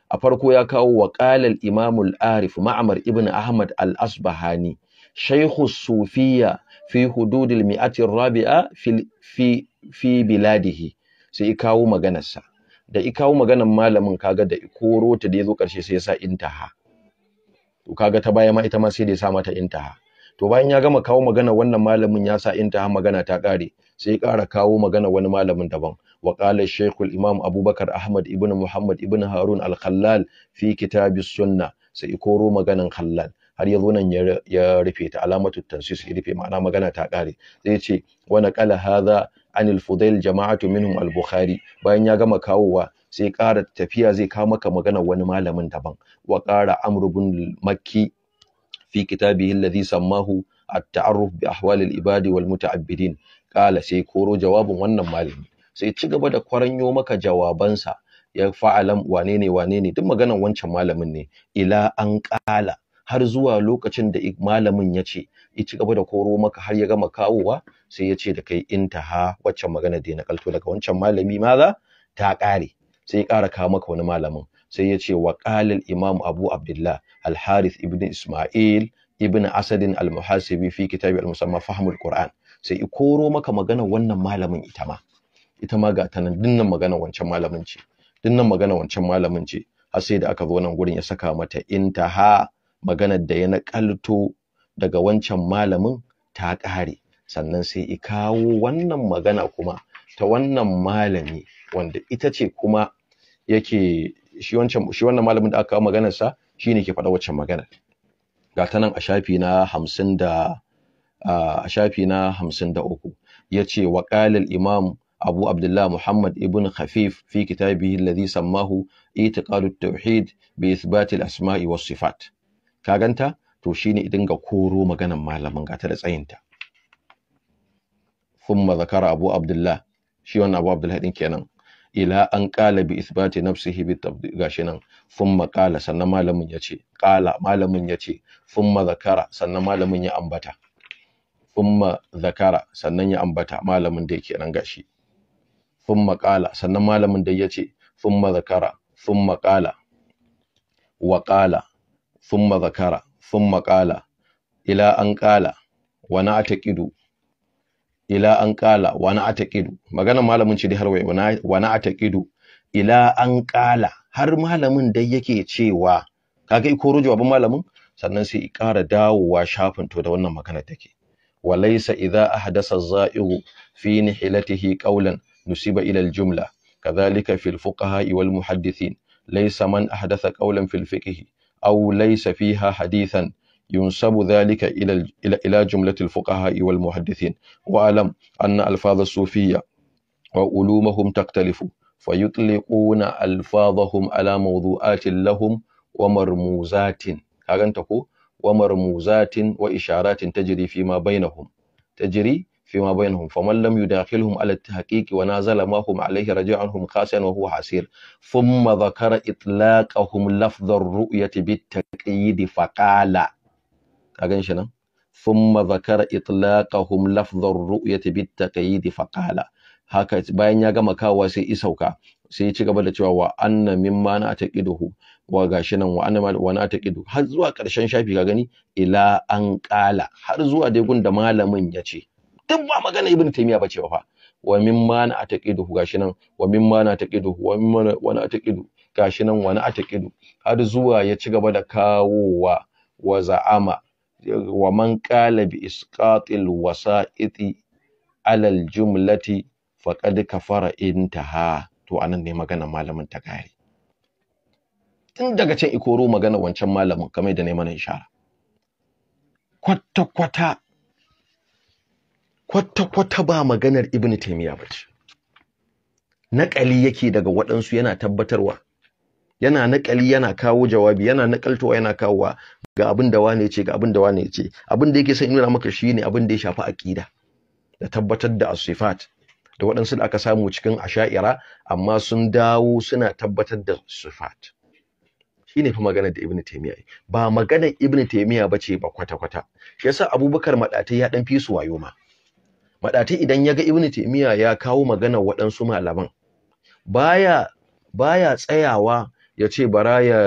a farko ya kawo wa qala al arif ma'mar ibn ahmad al asbahani shaykhu sufiyya fi hudud al rabi'a fi fi fi biladihi sai kawo maganarsa da i kawo maganan malamin kaga da i koro ta da yazo karshe sai ya sa intaha to kaga ta baya ma ita ma sai da ya sa mata intaha to bayan ya gama kawo magana wannan malamin ya sa intaha magana ta kare sai ya kara kawo magana wani malamin daban wa qala shaykhul imam abubakar ahmad ibn muhammad ibn harun al-khallal fi kitabis sunna sai ikoro maganan khallal har ya zo nan ya rufe ta alamatu tansis ya rufe ma'ana magana ta kare sai ya ce wa naqala hadha anil fudail jama'atu minhum al-bukhari bayan ya gama kawowa sai ƙara tafiya zai kawo maka magana wani malamin daban wa ƙara amru bin makki fi kitabihi alladhi sammahu at-ta'arruf bi ahwal al-ibad wal muta'abbidin qala sai koro jawabin wannan malami sai ci gaba da kwaranyo maka jawabansa ya fa'alam wane ne wane ne duk maganar wancan malamin ne ila an ƙala har zuwa lokacin da malamin ya ce ya ci gaba da koro maka har ya gama kawowa sai ya ce da kai intaha waccan magana da ya kalto daga wancan malami maza ta ƙare sai ya kara kawo maka wani malamin sai ya ce wa qalil imam abu abdullah al ibn isma'il ibn asadin al muhasibi fi kitabi al fahmul qur'an sai ya koro maka magana wannan malamin ita ma ita ma ga ta nan dinnan magana wancan malamin ce dinnan magana wancan malamin ce har sai da aka zo nan gurin ya saka mata intaha maganar da ya naƙalto daga wancan malamin ta ƙare sannan sai i kawo wannan magana kuma ta wannan malami wanda ita ce kuma yake shi wancan shi wannan malamin da aka kawo maganar sa shine ke faɗa waccan magana ga ta nan a shafi na 50 da a shafi na 53 yace wa qala al imam أبو عبد الله محمد ابن خفيف في كتابه tauhid, سماه إعتقاد asma'i بإثبات الأسماء والصفات كاغنتا to shine idan ga koro maganar malamin ga ta da tsayinta thumma zakara abu abdullah shi wannan abu abdullah din kenan ila an qala bi isbati nafsihi bi tabdi gashi nan thumma qala sannan malamin yace qala malamin yace thumma zakara sannan malamin ya ambata thumma zakara sannan ya ambata malamin dai kenan gashi thumma qala sannan malamin dai yace thumma zakara thumma qala wa qala thumma zakara thumma qala ila an qala wa na ataqidu ila an kala wa na maganar malamin ci dai har wai wa na ila an kala har malamin dai yake cewa kaga iko rujo ban malamin sannan sai i ƙara dawowa shafin to da wannan magana take walaysa idza ahdasa az-za'igu fi nihilatihi qawlan nusiba ila al-jumla kadhalika fi al-fuqaha wal muhaddithin laysa man ahdatha qawlan fi al aw laysa fiha hadithan ينسب ذلك إلى إلى جملة الفقهاء والمحدثين واعلم أن ألفاظ الصوفية وعلومهم تختلف فيطلقون ألفاظهم على موضوعات لهم ومرموزات هاغنتكو ومرموزات وإشارات تجري فيما بينهم تجري فيما بينهم فمن لم يداخلهم على التحقيق ونازل ما هم عليه رجع عنهم خاسئا وهو حسير ثم ذكر إطلاقهم لفظ الرؤية بالتقييد فقال a gan shi nan thumma zakara itlaqahum lafdhar ru'yati bit taqyid fa qala haka bayan ya gama kawa sai isauka sai ya ci gaba da cewa wa anna mimma na taqiduhu wa gashi nan wa anna wa na taqidu har zuwa karshen shafi ka gani ila an qala har zuwa dai gun da malamin ya ce duk ba magana ibnu taymiya bace ba fa wa mimma na taqiduhu gashi nan wa mimma na taqiduhu wa mimma wa na taqidu gashi nan wa na taqidu har zuwa ya ci gaba da kawowa wa za'ama wa man qala bi isqatil wasa'iti alal jumlati faqad kafara intaha to anan ne magana malamin ta kare tun daga can ikoro magana wancan malamin kamar da neman mana ishara kwata-kwata kwata-kwata ba maganar ibn taimiyya ba ce naƙali yake daga waɗansu yana tabbatarwa yana naƙali yana kawo jawabi yana naƙaltowa yana kawowa ga abin da wane ce ga abin da wane ce abin da yake son nuna maka shine abin da ya shafi aqida da tabbatar da asifat da waɗansu da aka samu cikin asha'ira amma sun dawo suna tabbatar da sifat shine fa maganar da ibnu taymiya ba maganar ibnu taymiya bace ba kwata kwata shi yasa abubakar madatai ya dan fi su wayo ma madatai idan ya ga ibnu taymiya ya kawo maganar waɗansu malaman baya baya tsayawa ya ce bara ya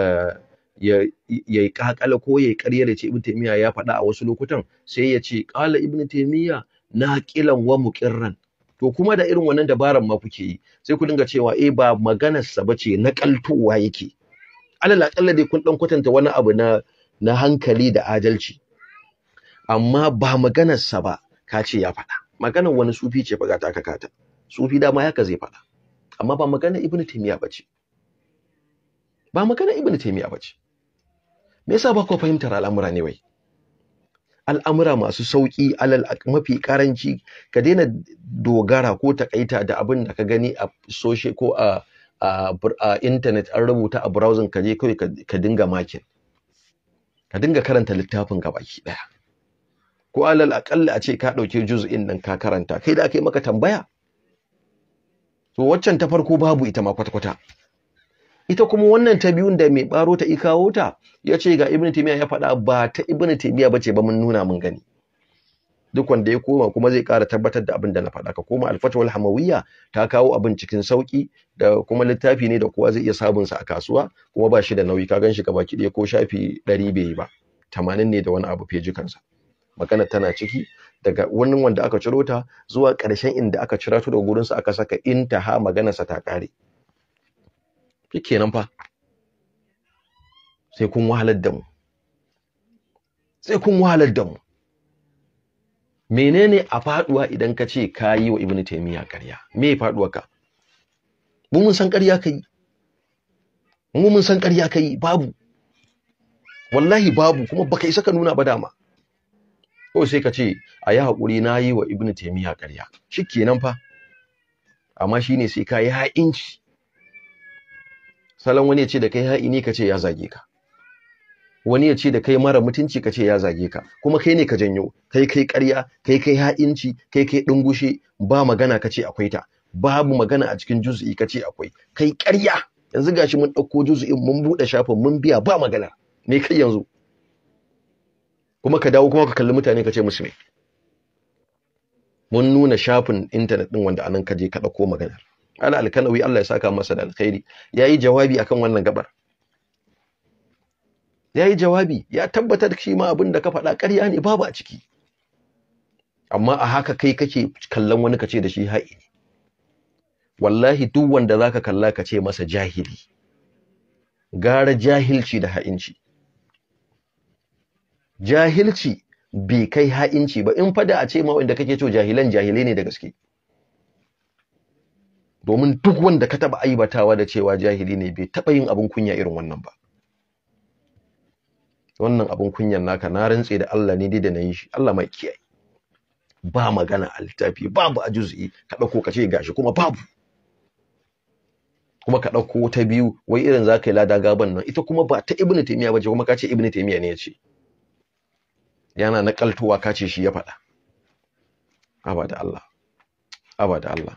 ya ya kakala ko ya ƙarya da ce ibn taymiya ya faɗa a wasu lokutan sai ya ce qala ibn taymiya naqilan wa muqirran to kuma da irin wannan dabaran ma kuke yi sai ku dinga cewa eh ba maganar sa bace naƙaltowa yake alal akalla dai kun dan kwatanta wani abu na na hankali da adalci amma ba maganar sa ba ka ce ya faɗa maganar wani sufi ce faga ta kakata sufi dama yaka zai faɗa amma ba maganar ibnu taymiya bace ba maganar ibnu taymiya bace me yasa ba ku fahimtar al'amura ne wai al'amura masu sauƙi alal mafi karanci ka daina dogara ko takaita da abin da ka gani a social ko a a internet an rubuta a browsing ka je kawai ka dinga makin ka dinga karanta littafin ka baki daya ko alal aƙalla a ce ka dauke juz'in nan ka karanta kai da aka yi maka tambaya to waccan ta farko babu ita ma kwata-kwata ita kuma wannan ta biyun da mai baro ta ikawo ta ya ce ga ibn Timiya ya faɗa ba ta ibn ba ce ba mun nuna mun gani duk wanda ya koma kuma zai ƙara tabbatar da abin da na faɗa ka koma alfatawal hamawiyya ta kawo abin cikin sauki da kuma littafi ne da kowa zai iya samun sa a kasuwa kuma ba shi da nauyi ka gan shi baki ɗaya ko shafi ɗari bai yi ba tamanin ne da wani abu feji kansa magana tana ciki daga wannan wanda aka ciro ta zuwa ƙarshen inda aka cira ta daga gurinsa aka saka ha maganarsa ta ƙare shikenan fa sai kun wahalar da mu sai kun wahalar da mu menene a faduwa idan ka ce ka yi wa ibnu taymiya ƙarya me faduwa ka mu mun san ƙarya kai mu mun san ƙarya kai babu wallahi babu kuma baka isa ka nuna ba dama ko sai ka ce a yi haƙuri na yi wa ibnu taymiya ƙarya Shikenan fa amma shi ne sai ka yi ha'inci salon wani ya ce da kai ha'ini ka ce ya zage ka wani ya ce da kai mara mutunci ka ce ya zage ka kuma kai ne ka janyo kai kai ƙarya kai kai ha'inci kai kai dungushe ba magana ka ce akwai ta babu magana a cikin juz'i ka ce akwai kai ƙarya yanzu gashi mun ɗauko juz'in mun buɗe shafin mun biya ba magana me kai yanzu kuma ka dawo kuma ka kalli mutane ka ce musu me mun nuna shafin intanet ɗin wanda anan ka je ka ɗauko maganar ala alkalawi Allah ya saka masa da alkhairi yi jawabi akan wannan gabar yayi jawabi ya tabbatar shi ma abin da ka faɗa ƙarya ne babu a ciki amma a haka kai kake kallon wani kace da shi ha'i wallahi duk wanda zaka kalla kace masa jahili gara jahilci da ha'inci jahilci bai kai ha'inci ba in fada a ce ma wanda kake to jahilan jahilai ne da gaske domin duk wanda ka taba aibatawa da cewa jahili ne bai taba yin abin kunya irin wannan ba wannan abin kunyan naka na rantse da Allah ne dai da na yi shi Allah mai kiyaye ba magana a littafi babu a juzui ka dauko ka ce gashi kuma babu kuma ka dauko ta biyu wai irin zaka yi lada gaban nan ita kuma ba ta ibnu taymiya bace kuma ka ce ibnu taymiya ne ya ce yana nakaltowa ka ce shi ya faɗa abada Allah abada Allah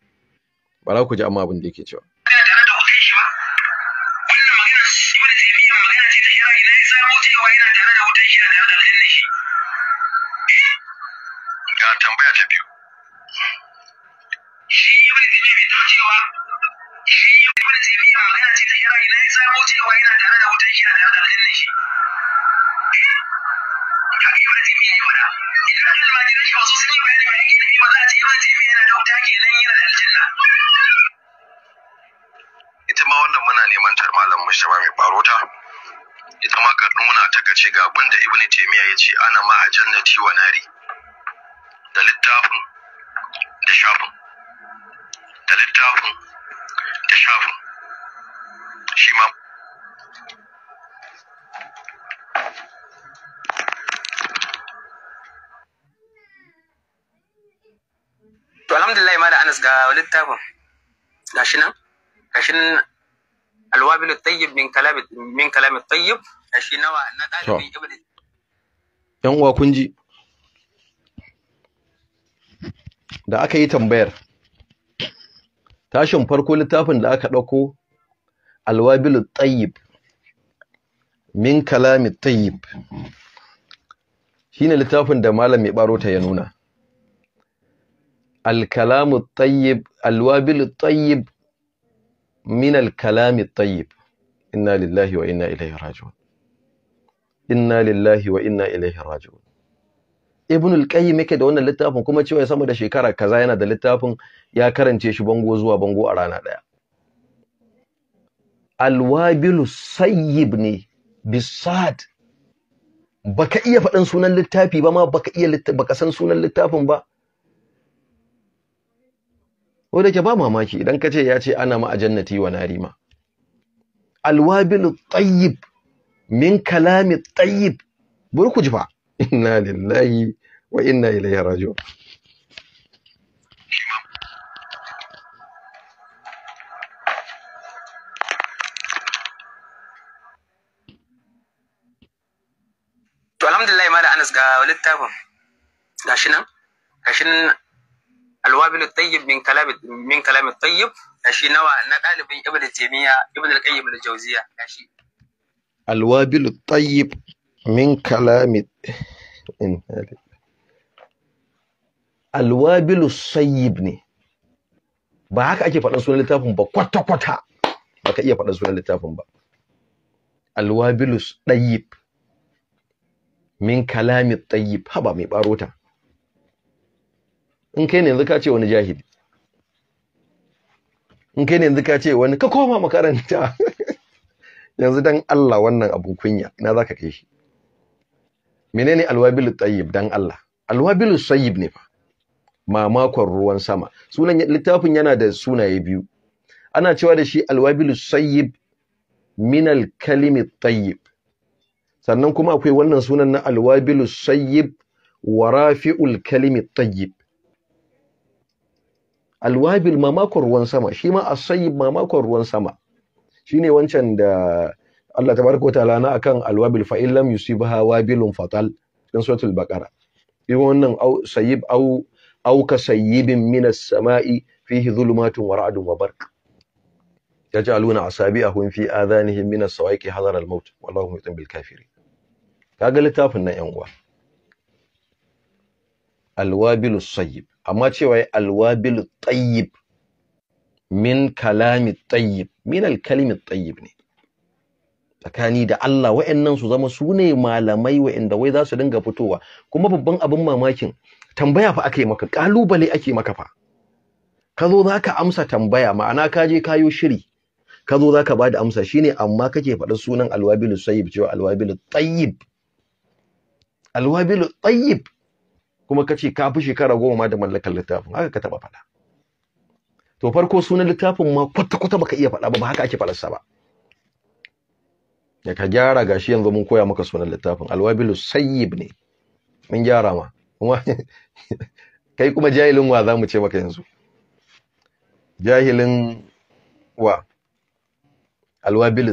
bara ku ji amma abin da yake cewa irin almajiran shi masu sun yi a da wuta ita ma wannan muna neman malam mushaba mai barota ita ma ka nuna ta kace ga abin da ibnu taymiya ya ce ana ma jannati wa nari da littafin da shafin da littafin da shafin shi ma to alhamdulillah ma da anas ga littafin gashi nan gashi nan alwabilu tayyib min kalami min kalami tayyib gashi nawa na dalibi ibnu yan uwa kun ji da aka yi tambayar tashin farko littafin da aka dauko alwabilu tayyib min kalami tayyib shine littafin da malam mai ta ya nuna الكلام الطيب الوابل الطيب من الكلام الطيب إنا لله وإنا إليه راجعون inna lillahi wa inna ilaihi raji'un ibn al-qayyim yake da wannan littafin kuma cewa sama da shekara kaza yana da littafin ya karance shi bango zuwa bango a rana ɗaya. Alwabilu wabilu sayyib ne bisad baka iya faɗin sunan littafi ba baka san sunan littafin ba ko ke ba mamaki idan ka ce ya ce ana ma a jannati wa nari ma alwabil tayyib min kalami tayyib ji fa inna lillahi wa inna ilaihi raji'un to alhamdulillah mala anas ga littafin gashi nan gashi nan alwabin tayyib min kalam min kalam tayyib gashi nawa na dalibin ibnu taymiya ibnu al-qayyim al-jawziya gashi alwabil tayyib min kalam alwabil sayyib ne ba haka ake faɗan sunan littafin ba kwata-kwata ba ka iya faɗan sunan littafin ba alwabil Sayyib, min kalami Tayyib haba mai ɓarota in kai ne yanzu ka ce wani jahili in kai ne yanzu ka ce wani ka koma makaranta yanzu dan Allah wannan abun kunya ina zaka kai shi menene alwabil tayyib dan Allah alwabil sayyib ne fa mamakon ruwan sama sunan littafin yana da sunaye biyu ana cewa da shi alwabil sayyib min alkalimi tayyib sannan kuma akwai wannan sunan na alwabil sayyib wa rafi'ul kalimi tayyib alwabil mamakon ruwan sama shi ma sayi mamakon ruwan sama shi ne wancan da Allah tabaraka wa lana a akan alwabil fa ba hawa bilun fatal ɗin suratul baƙara. irin wannan minas sama'i au ka sayyibin minas sama'i fihi dhulumatun wa ra'dun wa sabi hunfi hun fi zanihin minas sawaiki hadar al-maut wallahu mutum bil Ka ga littafin na yan uwa alwabilu sayyib amma cewa ya alwabilu tayyib min kalami tayyib min alkalimi tayyib ne tsakani da Allah wa'annan su zama su ne malamai wa'anda wai za su dinga fitowa kuma babban abin mamakin tambaya fa aka yi maka kalubale ake maka fa ka zo za ka amsa tambaya ma'ana ka je kayo shiri ka zo za ka ba da amsa shine amma kake faɗa sunan alwabilu sayyib cewa alwabilu tayyib alwabilu tayyib kuma ka ce ka fi shekara goma ma da mallakar littafin haka ka taɓa faɗa to farko sunan littafin ma kwata-kwata baka iya faɗa ba ba haka ake faɗarsa ba ya ka gyara gashi yanzu mun koya maka sunan littafin alwabilu sayyib ne mun gyara ma kuma kai kuma jahilin wa za mu ce maka yanzu jahilin wa alwabilu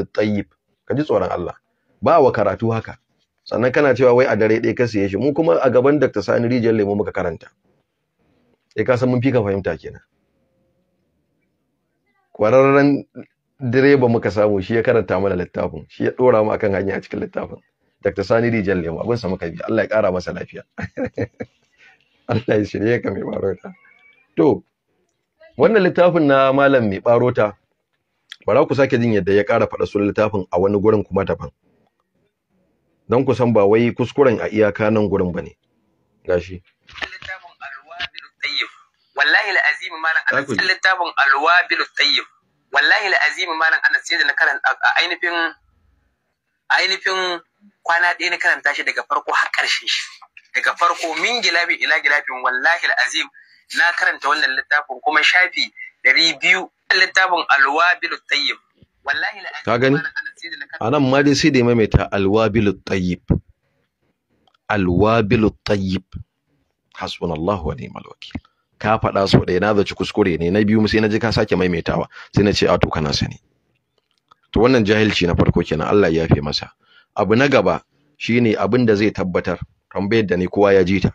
ah, tayyib ka ji tsoron Allah ba wa karatu haka sannan kana cewa wai a dare ɗaya ka siye shi mu kuma a gaban Dr. Sani Rijiyar Lemo muka karanta sai eh, ka san mun fi ka fahimta kenan kwararren direba muka samu shi ya karanta mana littafin shi ya dora mu akan hanya a cikin littafin Dr. Sani Rijiyar Lemo abin sa muka bi Allah ya ƙara masa lafiya Allah ya shirye ka mai barota to wannan littafin na malam mai barota bara ku sake jin yadda ya ƙara faɗa sunan littafin a wani gurin kuma daban don kusan ba wai kuskuren a iyaka nan gurin ba ne gashi wallahi al'azim malam ana cikin littafin alwabil tayyib wallahi al'azim malam ana sai da na karanta ainihin ainihin kwana ɗaya na karanta shi daga farko har ƙarshen shi daga farko min gilabi ila gilabin wallahi al'azim na karanta wannan littafin kuma shafi ɗari biyu littafin alwabil tayyib ka gani a nan ma dai sai da ya maimaita alwabilu tayyib alwabilu tayyib hasbunallahu wa ni'mal wakil ka faɗa so ɗaya na zaci kuskure ne na biyu sai na ji ka sake maimaitawa sai na ce a to kana sani to wannan jahilci na farko kenan Allah ya yafe masa abu na gaba shine abin da zai tabbatar tambayar da ni kowa ya ji ta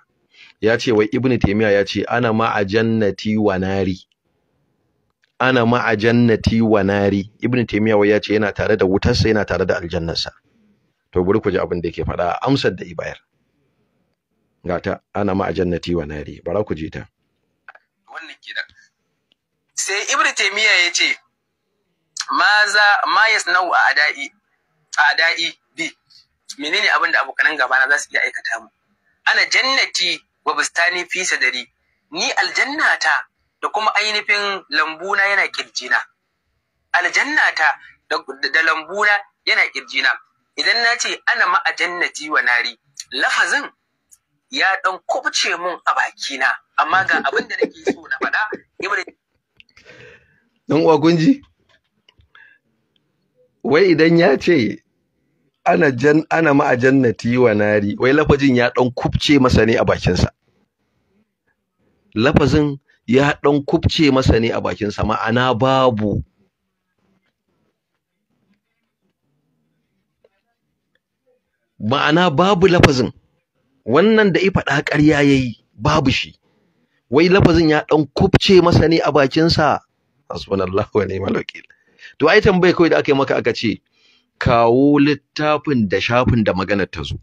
ya ce wai ibnu taymiya ya ce ana ma a jannati wa nari ana ma'a jannati wa nari ibnu taymiya wai yace yana tare da wutarsa yana tare da aljannarsa to bari ku ji abin da yake faɗa amsar da ibayar gata ana ma'a jannati wa nari bara ku ji ta wannan kidan sai ibnu taymiya yace maza ma yasnau a adai a adai bi menene abin da abokan gaba na za su iya aikata mu ana jannati wa bustani fi sadari ni aljannata da kuma ainihin lambuna yana kirjina aljanna ta da lambuna yana kirjina idan na ce ana ma a jannati wa nari lafazin ya ɗan kubce mun a bakina amma ga abin da nake so na faɗa dan uwa kunji wai idan ya ce ana jan ana ma wa nari wai lafazin ya ɗan kubce masa ne a bakinsa lafazin ya ɗan kubce masa ne a bakinsa ma'ana babu ma'ana babu lafazin wannan da faɗa ƙarya ya yi babu shi wai lafazin ya ɗan kubce masa ne a bakinsa hasbunallahu wa ni'mal wakil to ai tambaye kawai da aka yi maka aka ce kawo littafin da shafin da maganar ta zo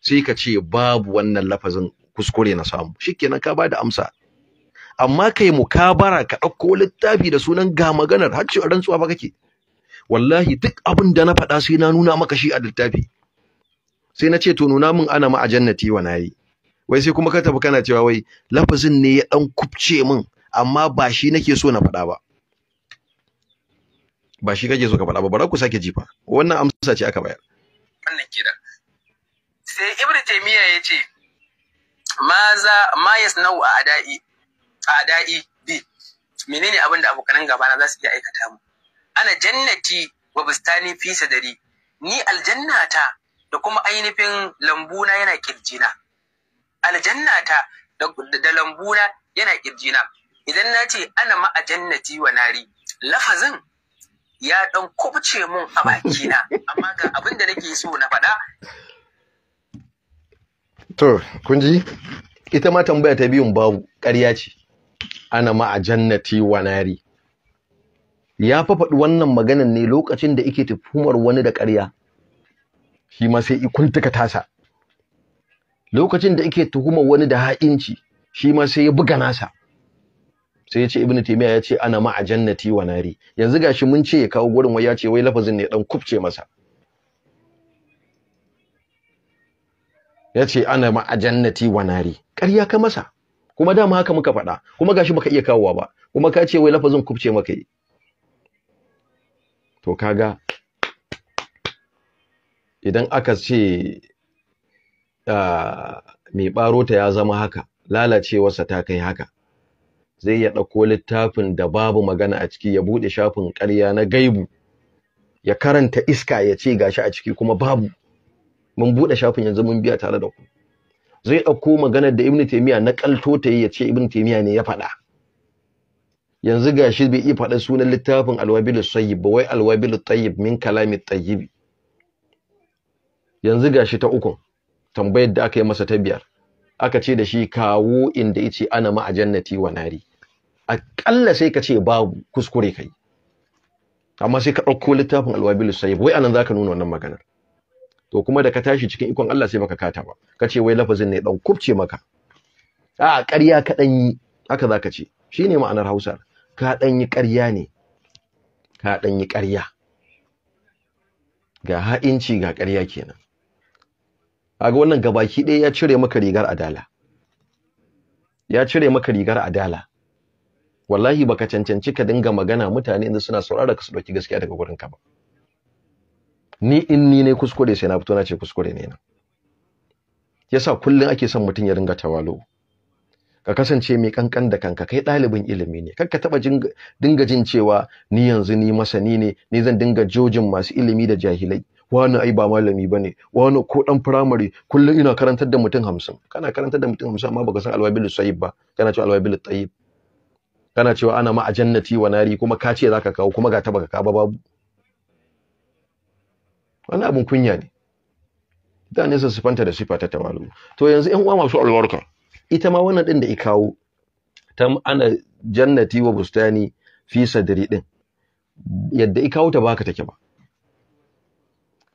sai ka ce babu wannan lafazin kuskure na samu shikenan ka bada amsa amma kai mukabara ka dauko littafi da sunan ga maganar har ci rantsuwa ba kake wallahi duk abin da na faɗa sai na nuna maka shi a littafi sai na ce to nuna min ana ma a jannati wa nayi wai sai kuma ka tafi kana cewa wai lafazin ne ya dan kubce min amma ba shi nake so na faɗa ba ba shi kake so ka faɗa ba bara ku sake jifa wannan amsa ce aka bayar wannan kira sai ibnu taymiya yace ma za ma yasnau a adai fada'i bi menene abin da abokanan gaba na za su iya aikata mu ana jannati wa bustani fi sadari ni aljannata da kuma ainihin lambuna yana kirjina aljannata da lambuna yana kirjina idan na ce ana ma a jannati wa nari lafazin ya dan kubce mun a bakina amma ga abin da nake so na faɗa to kun ita ma tambaya ta biyun babu ƙarya ce ana a jannati wa nari ya fa faɗi wannan maganan ne lokacin da yake tuhumar wani da ƙarya shi ma sai ikuntuka tasa lokacin da yake tuhumar wani da ha'inci shi ma sai ya buga nasa sai ya ce ibnu taymiya ya ce ana a jannati wa nari yanzu gashi mun ce ya kawo gurin wai ya ce wai lafazin ne dan kufce masa ya ce ana a jannati wa nari ƙarya ka masa kuma dama haka muka faɗa kuma gashi baka iya kawowa ba kuma ka ce wai lafazin kufce maka yi to kaga idan aka ce mai ɓarota ya zama haka lalacewarsa ta kai haka zai ya ɗauko littafin da babu magana a ciki ya buɗe shafin ƙarya na gaibu ya karanta iska ya ce gashi a ciki kuma babu mun buɗe shafin yanzu mun biya tare da ku zai ɗauko maganar da ibn Taymiyyah na kalto ta yi ya ce ibn Taymiyyah ne ya faɗa yanzu gashi bai iya faɗa sunan littafin alwabil sayyib ba wai alwabil tayyib min kalamit tayyib yanzu gashi ta uku tambayar da aka yi masa ta biyar aka ce da shi kawo inda yace ana ma a jannati wa nari akalla sai ka ce babu kuskure kai amma sai ka ɗauko littafin alwabil sayyib wai anan zaka nuna wannan maganar to kuma da ka tashi cikin ikon Allah sai baka kata ba kace wai lafazin ne dan kubce maka a ƙarya ka dan yi haka zaka ce shine ma'anar Hausa ka dan yi ƙarya ne ka dan yi ƙarya ga ha'inci ga ƙarya kenan kaga wannan gabaki ɗaya ya cire maka rigar adala ya cire maka rigar adala wallahi baka cancanci ka dinga magana mutane inda suna saurara ka su dauki gaskiya daga gurin ka ba ni in ni ne kuskure sai na fito na ce kuskure ne na yasa kullum ake son mutum ya ringa tawalo ka kasance mai kankan da kanka kai ɗalibin ilimi ne kar ka taɓa dinga jin cewa ni yanzu ni masani ne ni zan dinga jojin masu ilimi da jahilai wani ai ba malami bane wani ko dan firamare kullum ina karantar da mutum hamsin kana karantar da mutum hamsin amma baka san alwabilu sayyib ba kana cewa alwabilu tayyib kana cewa ana ma a jannati wa nari kuma ka ce zaka kawo kuma ga ta baka ka ba babu wannan abin kunya ne mutane su sifanta da sifa ta tawalu to yanzu ƴan uwa masu albarka ita ma wannan din da i kawo ta ana jannati wa bustani fi sadri din yadda i kawo ta ba haka take ba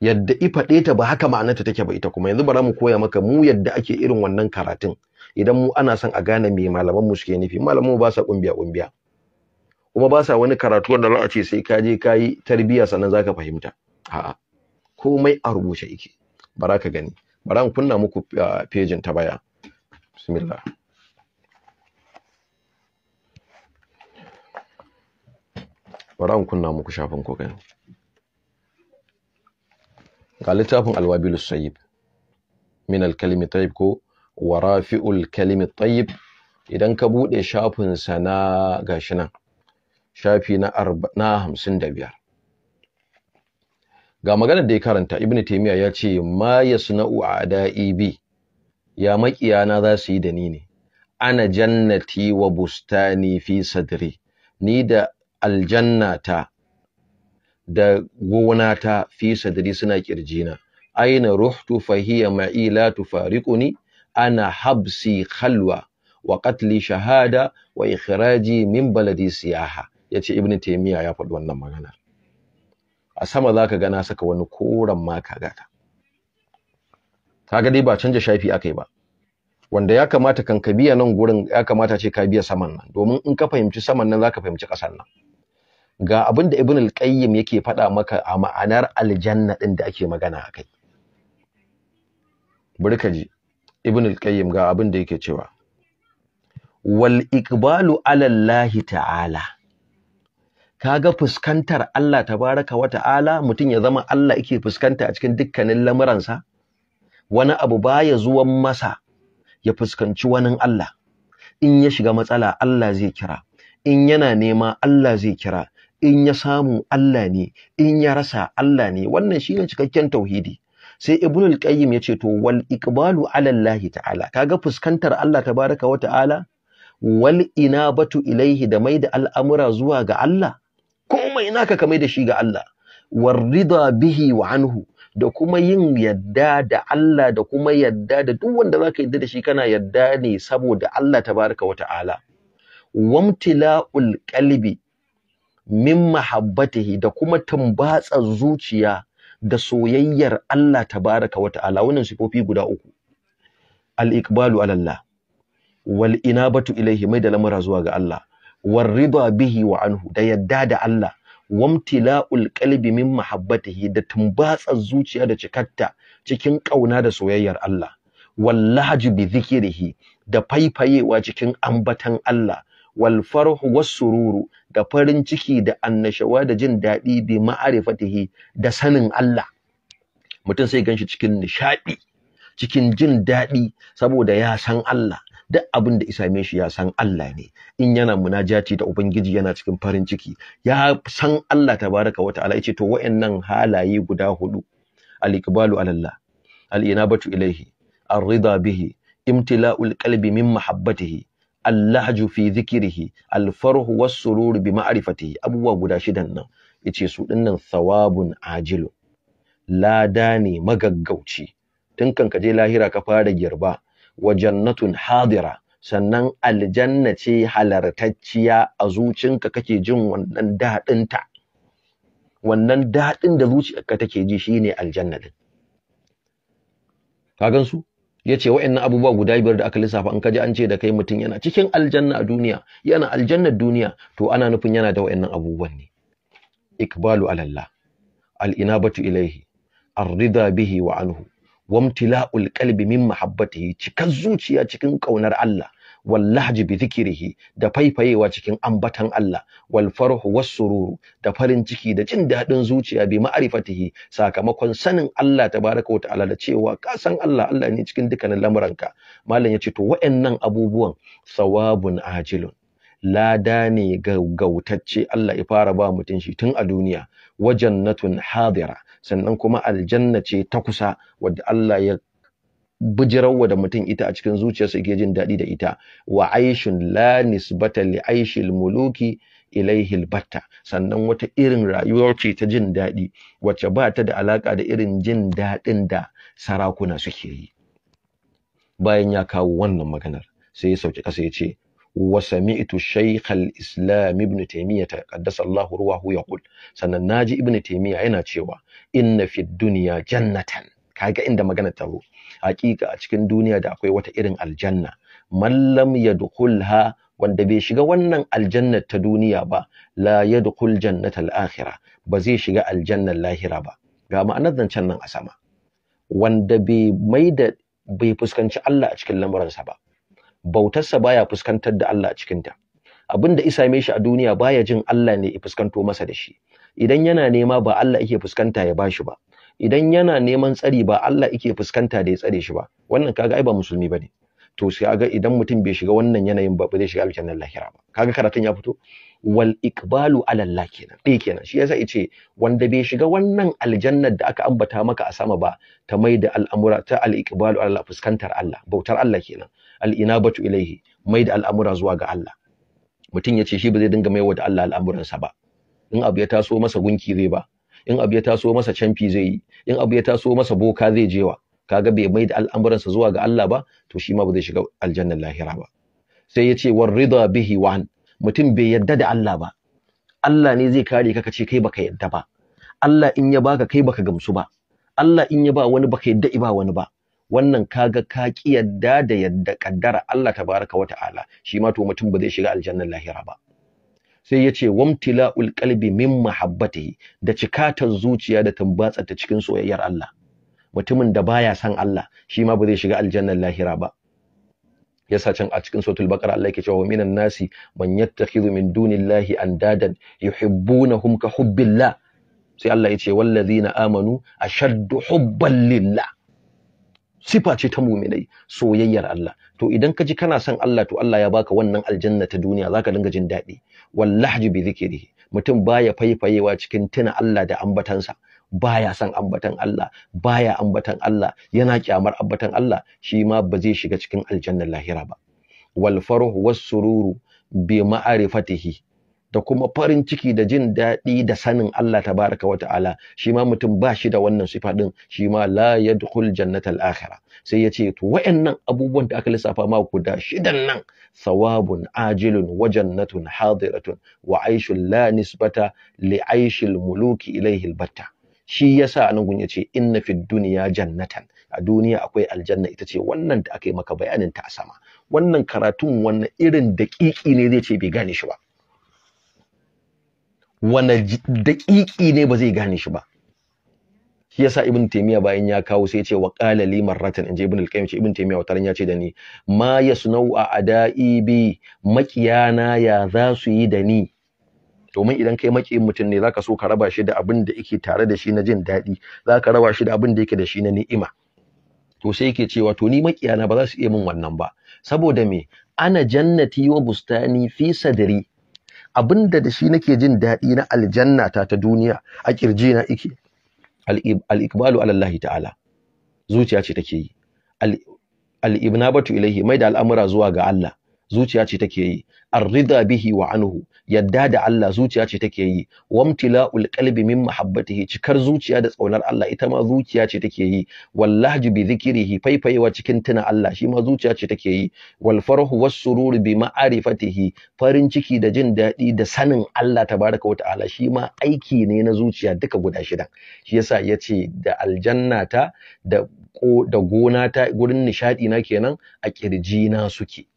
yadda i fade ta ba haka ta take ba ita kuma yanzu bara mu koya maka mu yadda ake irin wannan karatun idan mu ana son a gane me malaman mu suke nufi malaman mu ba sa kumbiya kumbiya kuma ba sa wani karatu wanda za a ce sai ka je ka yi tarbiyya sannan zaka fahimta a'a komai a rubuce yake bara ka gani bara mu kunna muku ah, pejin ta baya bismillah bara mu kunna muku shafin ku gani ga littafin alwabilus sayyib min alkalimi tayyib ko wa rafi'ul kalimi tayyib idan ka bude shafin sa na gashi nan shafi na 55 ga maganar da ya karanta Ibn taymiya ya ce ma yasna'u a'da'i bi ya maƙiyana za su yi da ni ne ana jannati wa bustani fi sadri ni da aljannata da gonata fi sadri suna kirjina aina ruhtu fahiya ma'i la tufariquni ana habsi khalwa wa qatli shahada wa ikhraji min baladi siyaha yace Ibn taymiya ya faɗi wannan maganar a sama za ka gana saka wani koren maka gata ga dai ba canja shafi aka yi ba wanda ya kamata kan ka biya nan gurin ya kamata ce ka biya saman nan domin in ka fahimci saman nan zaka fahimci ƙasan nan ga abin da ibn al-qayyim yake faɗa maka a ma'anar aljanna din da ake magana akai burkaji ibn al-qayyim ga abin da yake cewa wal iqbalu ala Allah ta'ala kaga fuskantar Allah tabaraka wa ta'ala mutum ya zama Allah yake fuskanta a cikin dukkanin lamuransa wani abu baya zuwan masa ya fuskanci wani Allah in ya shiga matsala Allah zai kira in yana nema Allah zai kira in ya samu Allah ne in ya rasa Allah ne wannan shine cikakken tauhidi sai ibn al-qayyim yace to wal iqbalu ala Allah ta'ala kaga fuskantar Allah tabaraka wa ta'ala wal inabatu ilaihi da maida al'amura zuwa ga Allah naka ka da shi ga Allah warrida bihi wa anhu da kuma yin yadda da Allah da kuma yadda da duk wanda zaka yadda da shi kana yadda ne saboda Allah tabaraka wa ta'ala wamtila'ul qalbi min mahabbatihi da kuma tumbatsa zuciya da soyayyar Allah tabaraka wa ta'ala wannan sifofi guda uku al-iqbalu ala Allah wal inabatu ilayhi mai da lamura zuwa ga Allah war rida bihi wa anhu da yadda da Allah wamtila'ul qalbi min mahabbatihi da tumbatsar zuciya da cikatta cikin kauna da soyayyar Allah wallahaji bi dhikrihi da faifayewa cikin ambatan Allah wal farhu sururu da farin ciki da annashawa da jin dadi bi ma'arifatihi da sanin Allah mutum sai ganshi cikin nishadi cikin jin dadi saboda ya san Allah duk abin da same shi ya san Allah ne in yana munajati da ubangiji yana cikin farin ciki ya san Allah tabaraka wa ta'ala yace to wayannan halaye guda hudu al-iqbalu ala Allah al-inabatu ilayhi ar-ridha bihi imtila'ul qalbi min mahabbatihi al-lahju fi dhikrihi al-farhu was-surur bi ma'rifatihi abubuwa guda shidan nan yace su dinnan thawabun ajilu lada ne magaggauci tun kan ka je lahira ka fara girba wa jannatun hadira sannan aljanna ce halartacciya a zucinka kake jin wannan daɗin ta wannan daɗin da zuciyarka take ji shine aljanna din ka gan su yace wa'annan abubuwa guda biyar da aka lissafa an kaji an ce da kai mutum yana cikin aljanna a duniya yana aljannar duniya to ana nufin yana da wa'annan abubuwan ne ikbalu alallah al inabatu ilaihi ar bihi wa anhu wamtila'ul qalbi min mahabbatihi cikar zuciya cikin kaunar Allah wallahji bi zikrihi da faifayewa cikin ambatan Allah wal farhu was sururu da farin ciki da jin dadin zuciya bi ma'rifatihi sakamakon sanin Allah tabaraka Ta'ala da cewa ka san Allah Allah ne cikin dukkanin lamuranka malam yace to wayannan abubuwan sawabun ajilun lada ne gautacce Allah ya fara ba mutun shi tun a duniya wa jannatun hadira sannan kuma aljanna ce ta kusa wadda Allah ya bijirarwa da mutum ita a cikin zuciyarsa yake jin daɗi da ita wa aishin la nisbata li aishil muluki ilaihi batta sannan wata irin rayuwar ce ta jin daɗi wacce ba ta da alaka da irin jin daɗin da sarakuna suke yi bayan ya kawo wannan maganar sai ya sauke kasa ya ce wa sami'tu shaykh islam ibn taymiyah qaddasallahu ruwahu yaqul sannan naji ibn taymiyah yana cewa inna fi dunya jannatan kaga inda magana ta hakika a cikin duniya da akwai wata irin aljanna mallam yadkhulha wanda bai shiga wannan aljannar ta duniya ba la yadkhul jannatal akhirah ba zai shiga aljannar lahira ba ga ma'anar zancen nan a sama wanda bai da bai fuskanci Allah a cikin lamuransa ba bautarsa baya fuskantar da Allah a cikinta abin da isa shi a duniya baya jin Allah ne ya fuskanto masa da shi idan yana nema ba Allah yake fuskanta ya bashi ba idan yana neman tsari ba Allah yake fuskanta da ya tsare shi ba wannan kaga ai ba musulmi bane to sai ga idan mutum bai shiga wannan yanayin ba zai shiga aljannar lahira ba kaga karatun ya fito wal iqbalu ala Allah kenan dai kenan shi yasa yace wanda bai shiga wannan aljannar da aka ambata maka a sama ba ta maida al'amura ta al iqbalu ala Allah fuskantar Allah bautar Allah kenan al inabatu ilaihi maida al'amura zuwa ga Allah mutum ya ce shi ba zai dinga mai wata Allah al'amuransa ba in abu ya taso masa gunki zai ba in abu ya taso masa canfi zai yi in abu ya taso masa boka zai jewa kaga bai mai da al'amuransa zuwa ga Allah ba to shi ma ba zai shiga aljanna lahira ba sai ya ce war rida bihi wan mutum bai yadda da Allah ba Allah ne zai kare ka kace kai baka yadda ba Allah in ya baka kai baka gamsu ba Allah in ya ba wani baka yadda ba wani ba wannan kaga ka ki yadda da yadda kaddara Allah tabaraka wa ta'ala shi ma to mutum ba zai shiga aljannan lahira ba sai yace wamtila'ul qalbi min mahabbatihi da cikatar zuciya da tambatsa ta cikin soyayyar Allah mutumin da baya son Allah shi ma ba zai shiga aljannan lahira ba yasa can a cikin suratul baqara Allah yake cewa minan nasi man yattakhidhu min dunillahi andadan yuhibbunahum ka hubbillah sai Allah yace wallazina amanu ashaddu hubban lillah sifa ce ta muminai soyayyar Allah to idan ka ji kana son Allah to Allah ya baka wannan aljanna ta duniya zaka dinga jin daɗi wallahi bi zikrihi mutum baya faifayewa cikin tuna Allah da ambatansa baya son ambatan Allah baya ambatan Allah yana kyamar ambatan Allah shi ma ba zai shiga cikin aljannar lahira ba wal farhu was sururu bi ma'rifatihi da kuma farin ciki da jin daɗi da sanin Allah tabaraka wa ta'ala shi ma mutum ba shi da wannan sifa din shi ma la yadkhul jannatal Akhira, sai yace to wayannan abubuwan da aka lissafa ma da shidan nan sawabun ajilun wa jannatun hadiratun wa aishul la nisbata li aishil muluki ilayhi albatta shi yasa anan gun yace inna fid dunya jannatan a duniya akwai aljanna ita ce wannan da aka yi maka bayanin ta a sama wannan karatun wannan irin daƙiƙi ne zai ce bai gane shi ba wani daƙiƙi ne ba zai gane shi ba shi yasa ibn taymiya bayan ya kawo sai ya ce wa qala li marratan inji ibn al-qayyim ce ibn taymiya wataran ya ce da ni ma yasnau a ada'i bi makiyana ya za su yi da ni domin idan kai makiyin mutum ne zaka so ka raba shi da abin da yake tare da shi na jin daɗi zaka raba shi da abin da yake da shi na ni'ima to sai yake cewa to ni makiyana ba za su iya min wannan ba saboda me ana jannati wa bustani fi sadri abinda da shi nake jin daɗi na aljanna ta ta duniya a kirji na ike al-iqbalu ala Allah ta'ala zuciya ce take yi al-ibnabatu ilaihi mai da al'amura zuwa ga Allah zuciya ce take yi arrida bihi wa anhu yadda da Allah zuciya ce take yi wamtila'ul qalbi min mahabbatihi cikar zuciya da tsaunar Allah ita ma zuciya ce take yi wallahi bi dhikrihi faifaiwa cikin tuna Allah shi ma zuciya ce take yi wal farahu was surur bi ma'arifatihi farin ciki da jin daɗi da sanin Allah tabaraka wa ta'ala shi ma aiki ne na zuciya duka guda shidan shi yasa yace da aljannata da ko da gona ta gurin nishadi na kenan a kirji na suke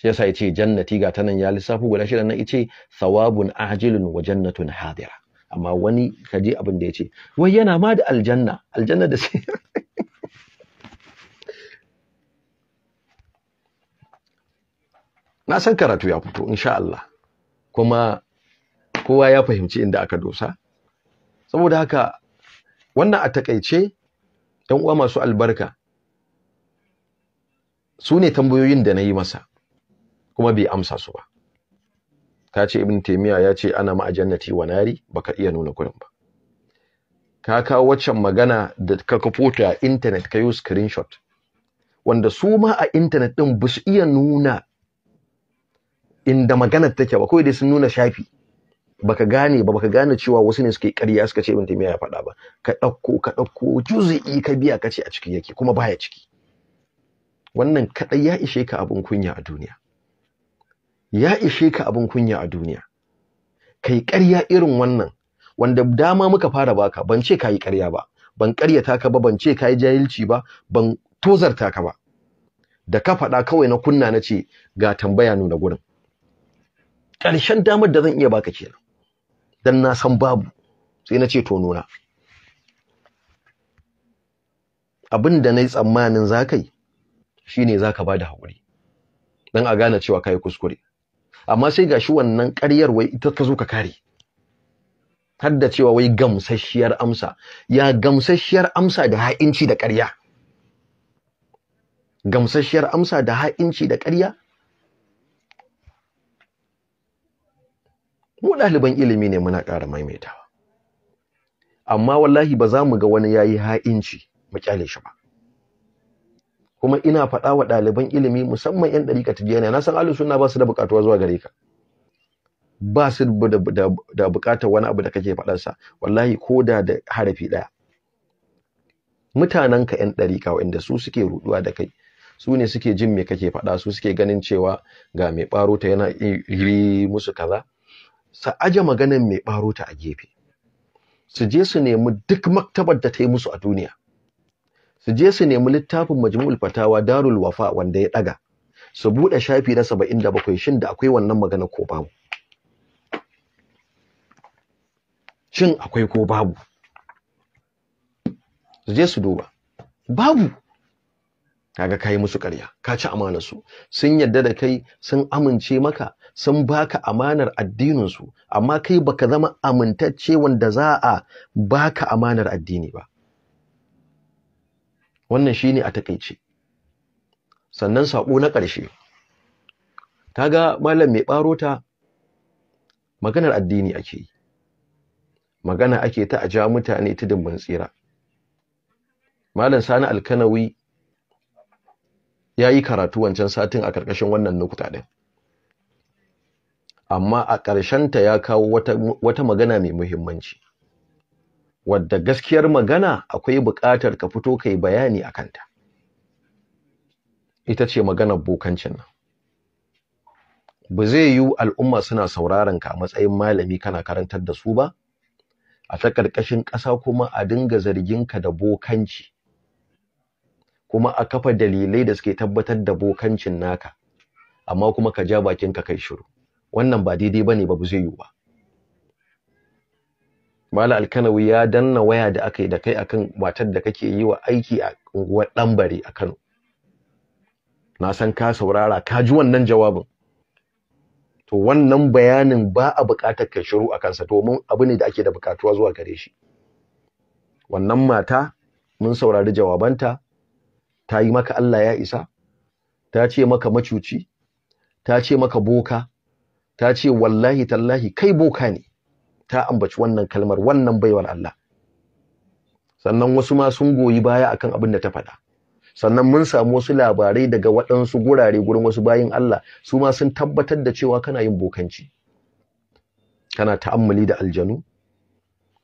sai yasa yace jannati ga tanan ya lissafu guda shida nan yace thawabun ajilun wa jannatun hadira amma wani kaji abin da yace wai yana ma da aljanna aljanna da sai na san karatu ya fito insha Allah kuma kowa ya fahimci inda aka dosa saboda haka wannan a takaice ɗan uwa masu albarka su ne tambayoyin da na yi masa kuma bai amsa su ba ka ce ibn taymiya ya ce ana ma jannati wa nari baka iya nuna gurin ba ka kawo waccan magana da ka kafo ta a internet ka yi screenshot wanda su ma a internet din ba su iya nuna inda maganar take ba kawai dai sun nuna shafi baka gane ba baka gane cewa wasu ne suke ƙarya suka ce ibn taymiya ya faɗa ba ka ɗauko ka ɗauko juz'i ka biya ka ce a ciki yake kuma baya ciki wannan kaɗai ya ishe ka abin kunya a duniya ya ishe ka abin kunya a duniya kai ƙarya irin wannan wanda dama muka fara baka ban ce kayi ƙarya ba ban ƙaryata ka ba ban ce kayi jahilci ba ban tozarta ka ba da ka faɗa kawai na kunna na ce ga tambaya nuna gurin ƙarshen damar da zan iya baka kenan dan na san babu sai na ce to nuna abin da na yi tsammanin za ka yi shine za ka ba da haƙuri don a gane cewa ka yi kuskure amma sai gashi wannan ƙaryar wai ita ka zo ka kare har da cewa wai gamsasshiyar amsa ya gamsasshiyar amsa da ha'inci da ƙarya gamsasshiyar amsa da ha'inci da ƙarya mu ɗaliban ilimi ne muna ƙara maimaitawa amma wallahi ba za mu ga wani yayi ha'inci mu kyale shi ba kuma ina faɗa wa ɗaliban ilimi musamman 'yan ɗarika ne. na san alu suna ba su da buƙatuwa zuwa gare ka ba su da buƙatar wani abu da kake faɗarsa wallahi ko da da harafi ɗaya Mutanen ka 'yan ɗarika wa'inda su suke ruɗuwa da kai su ne suke jin me kake faɗa su suke ganin cewa ga mai ɓarota yana iri musu kaza sa aje maganin mai ɓarota a gefe su je su nemi duk maktabar da ta yi musu a duniya su je su nemi littafin majmu'ul fatawa darul wafa wanda ya daga su bude shafi na 77 shin da akwai wannan magana ko babu shin akwai ko babu su je su duba babu kaga kai musu ƙarya ka ci amanar su sun yadda da kai sun amince maka sun baka amanar addinin su amma kai baka zama amintacce wanda za a baka amanar addini ba wannan shi ne a takeice sannan saƙo na ƙarshe Ta ga malam mai ɓarota. maganar addini ake yi magana ake ta a ja mutane ta mun tsira malam sani alkanawi ya yi karatu wancan satin a ƙarƙashin wannan nukuta ɗin amma a ƙarshenta ya kawo wata, wata magana mai muhimmanci wadda gaskiyar magana akwai buƙatar ka fito kai bayani a kanta ita ce maganar bokancin nan ba zai yiwu al'umma suna sauraron ka a matsayin malami kana karantar da su ba a ta ƙarƙashin ƙasa kuma a dinga zargin ka da bokanci kuma a kafa dalilai da suke tabbatar da bokancin naka amma kuma ka ja bakinka kai shiru wannan ba daidai bane ba zai yiwu ba mala alkanawi ya danna waya da aka yi da kai akan matar da kake yi wa aiki a unguwar bari a kano na san ka saurara ka ji wannan jawabin to wannan bayanin ba a buƙatar ka shiru a kansa domin abu ne da ake da buƙatuwa zuwa gare shi wannan mata mun saurari jawabanta ta yi maka Allah ya isa ta ce maka macuci ta ce maka boka ta ce wallahi tallahi kai boka ne ta ambaci wannan kalmar wannan baiwar Allah sannan wasu ma sun goyi baya akan abin da ta faɗa sannan mun samu wasu labarai daga waɗansu gurare gurin wasu bayin Allah su ma sun tabbatar da cewa kana yin bokanci kana ta'ammuli da aljanu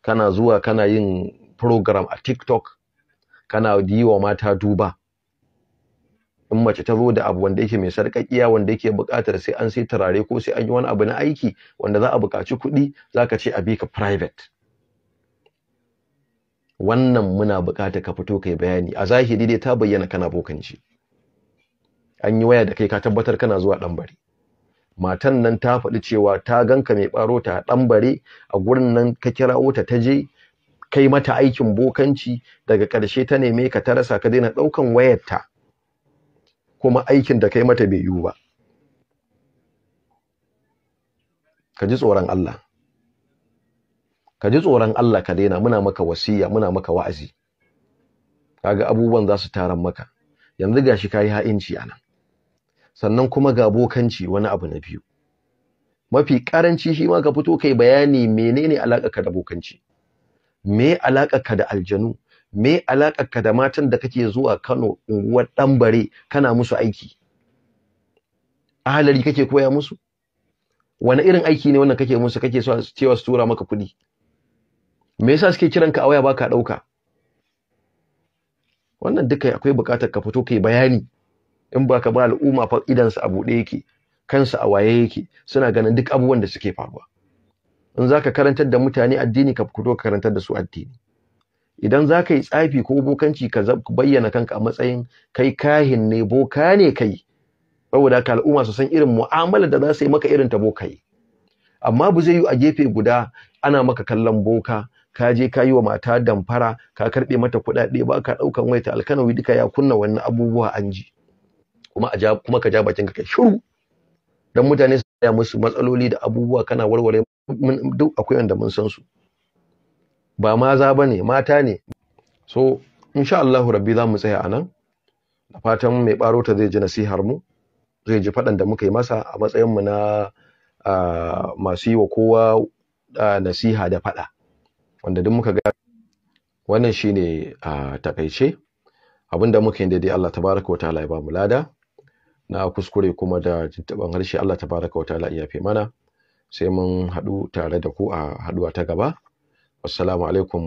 kana zuwa kana yin program a TikTok kana yi wa mata duba in mace ta zo da abu wanda yake mai sarƙaƙiya wanda yake buƙatar sai an sai turare ko sai an yi wani abu na aiki wanda za a buƙaci kuɗi za ka ce a bi ka private wannan muna buƙatar ka fito kai bayani a zahiri dai ta bayyana kana bokanci an yi waya da kai ka tabbatar kana zuwa ɗanbare matan nan ta faɗi cewa ta ganka mai ɓaro ta ɗanbare a gurin nan ka kirawo ta ta je kai mata aikin bokanci daga ƙarshe ta neme ka ta rasa ka daina ɗaukan wayarta kuma aikin da kai mata bai yiwu ba ka ji tsoron Allah ka ji tsoron Allah ka daina muna maka wasiya muna maka wa'azi kaga abubuwan za su taran maka yanzu gashi kayi ha'inci anan sannan kuma ga bokanci wani abu na biyu mafi karanci shi ma ka fito kai bayani menene ka da bokanci me alakarka da aljanu me alakar ka da matan da kake zuwa Kano unguwar Dambare kana musu aiki ahalari kake koya musu wani irin aiki ne wannan kake musu kake so cewa su tura maka kuɗi me yasa suke kiran ka a waya baka ɗauka? wannan duka akwai buƙatar ka fito kai bayani in baka ba al'umma fa idan su a bude yake kansu a waye yake suna ganin duk abubuwan da suke faruwa in zaka karantar da mutane addini ka fito karantar da su addini idan za ka yi tsafi ko bokanci ka bayyana kanka a matsayin kai kahin ne boka ne kai saboda ka al'umma su san irin mu'amala da za su yi maka irin ta bokai amma bu zai yi a gefe guda ana maka kallon boka ka je ka yi wa mata damfara ka karɓe mata kuɗaɗe ba ka ɗaukan ta alkanawi duka ya kunna wannan abubuwa an ji kuma a ja kuma ka ja kai shiru dan mutane su ya musu matsaloli da abubuwa kana warware duk akwai wanda mun san su ba maza ba ne mata ne so insha Allahu rabbi za mu tsaya a nan da fatan mai ɓaro zai ji nasihar mu zai ji faɗan da muka yi masa a matsayin mu na masu yi wa kowa nasiha da faɗa wanda duk muka ga wannan shine a takaice abinda muka yi daidai Allah tabaraka wa ta'ala ya ba mu lada na kuskure kuma da jintaban harshe Allah tabaraka wa ta'ala ya fi mana sai mun haɗu tare da ku a haɗuwa ta gaba Assalamu alaikum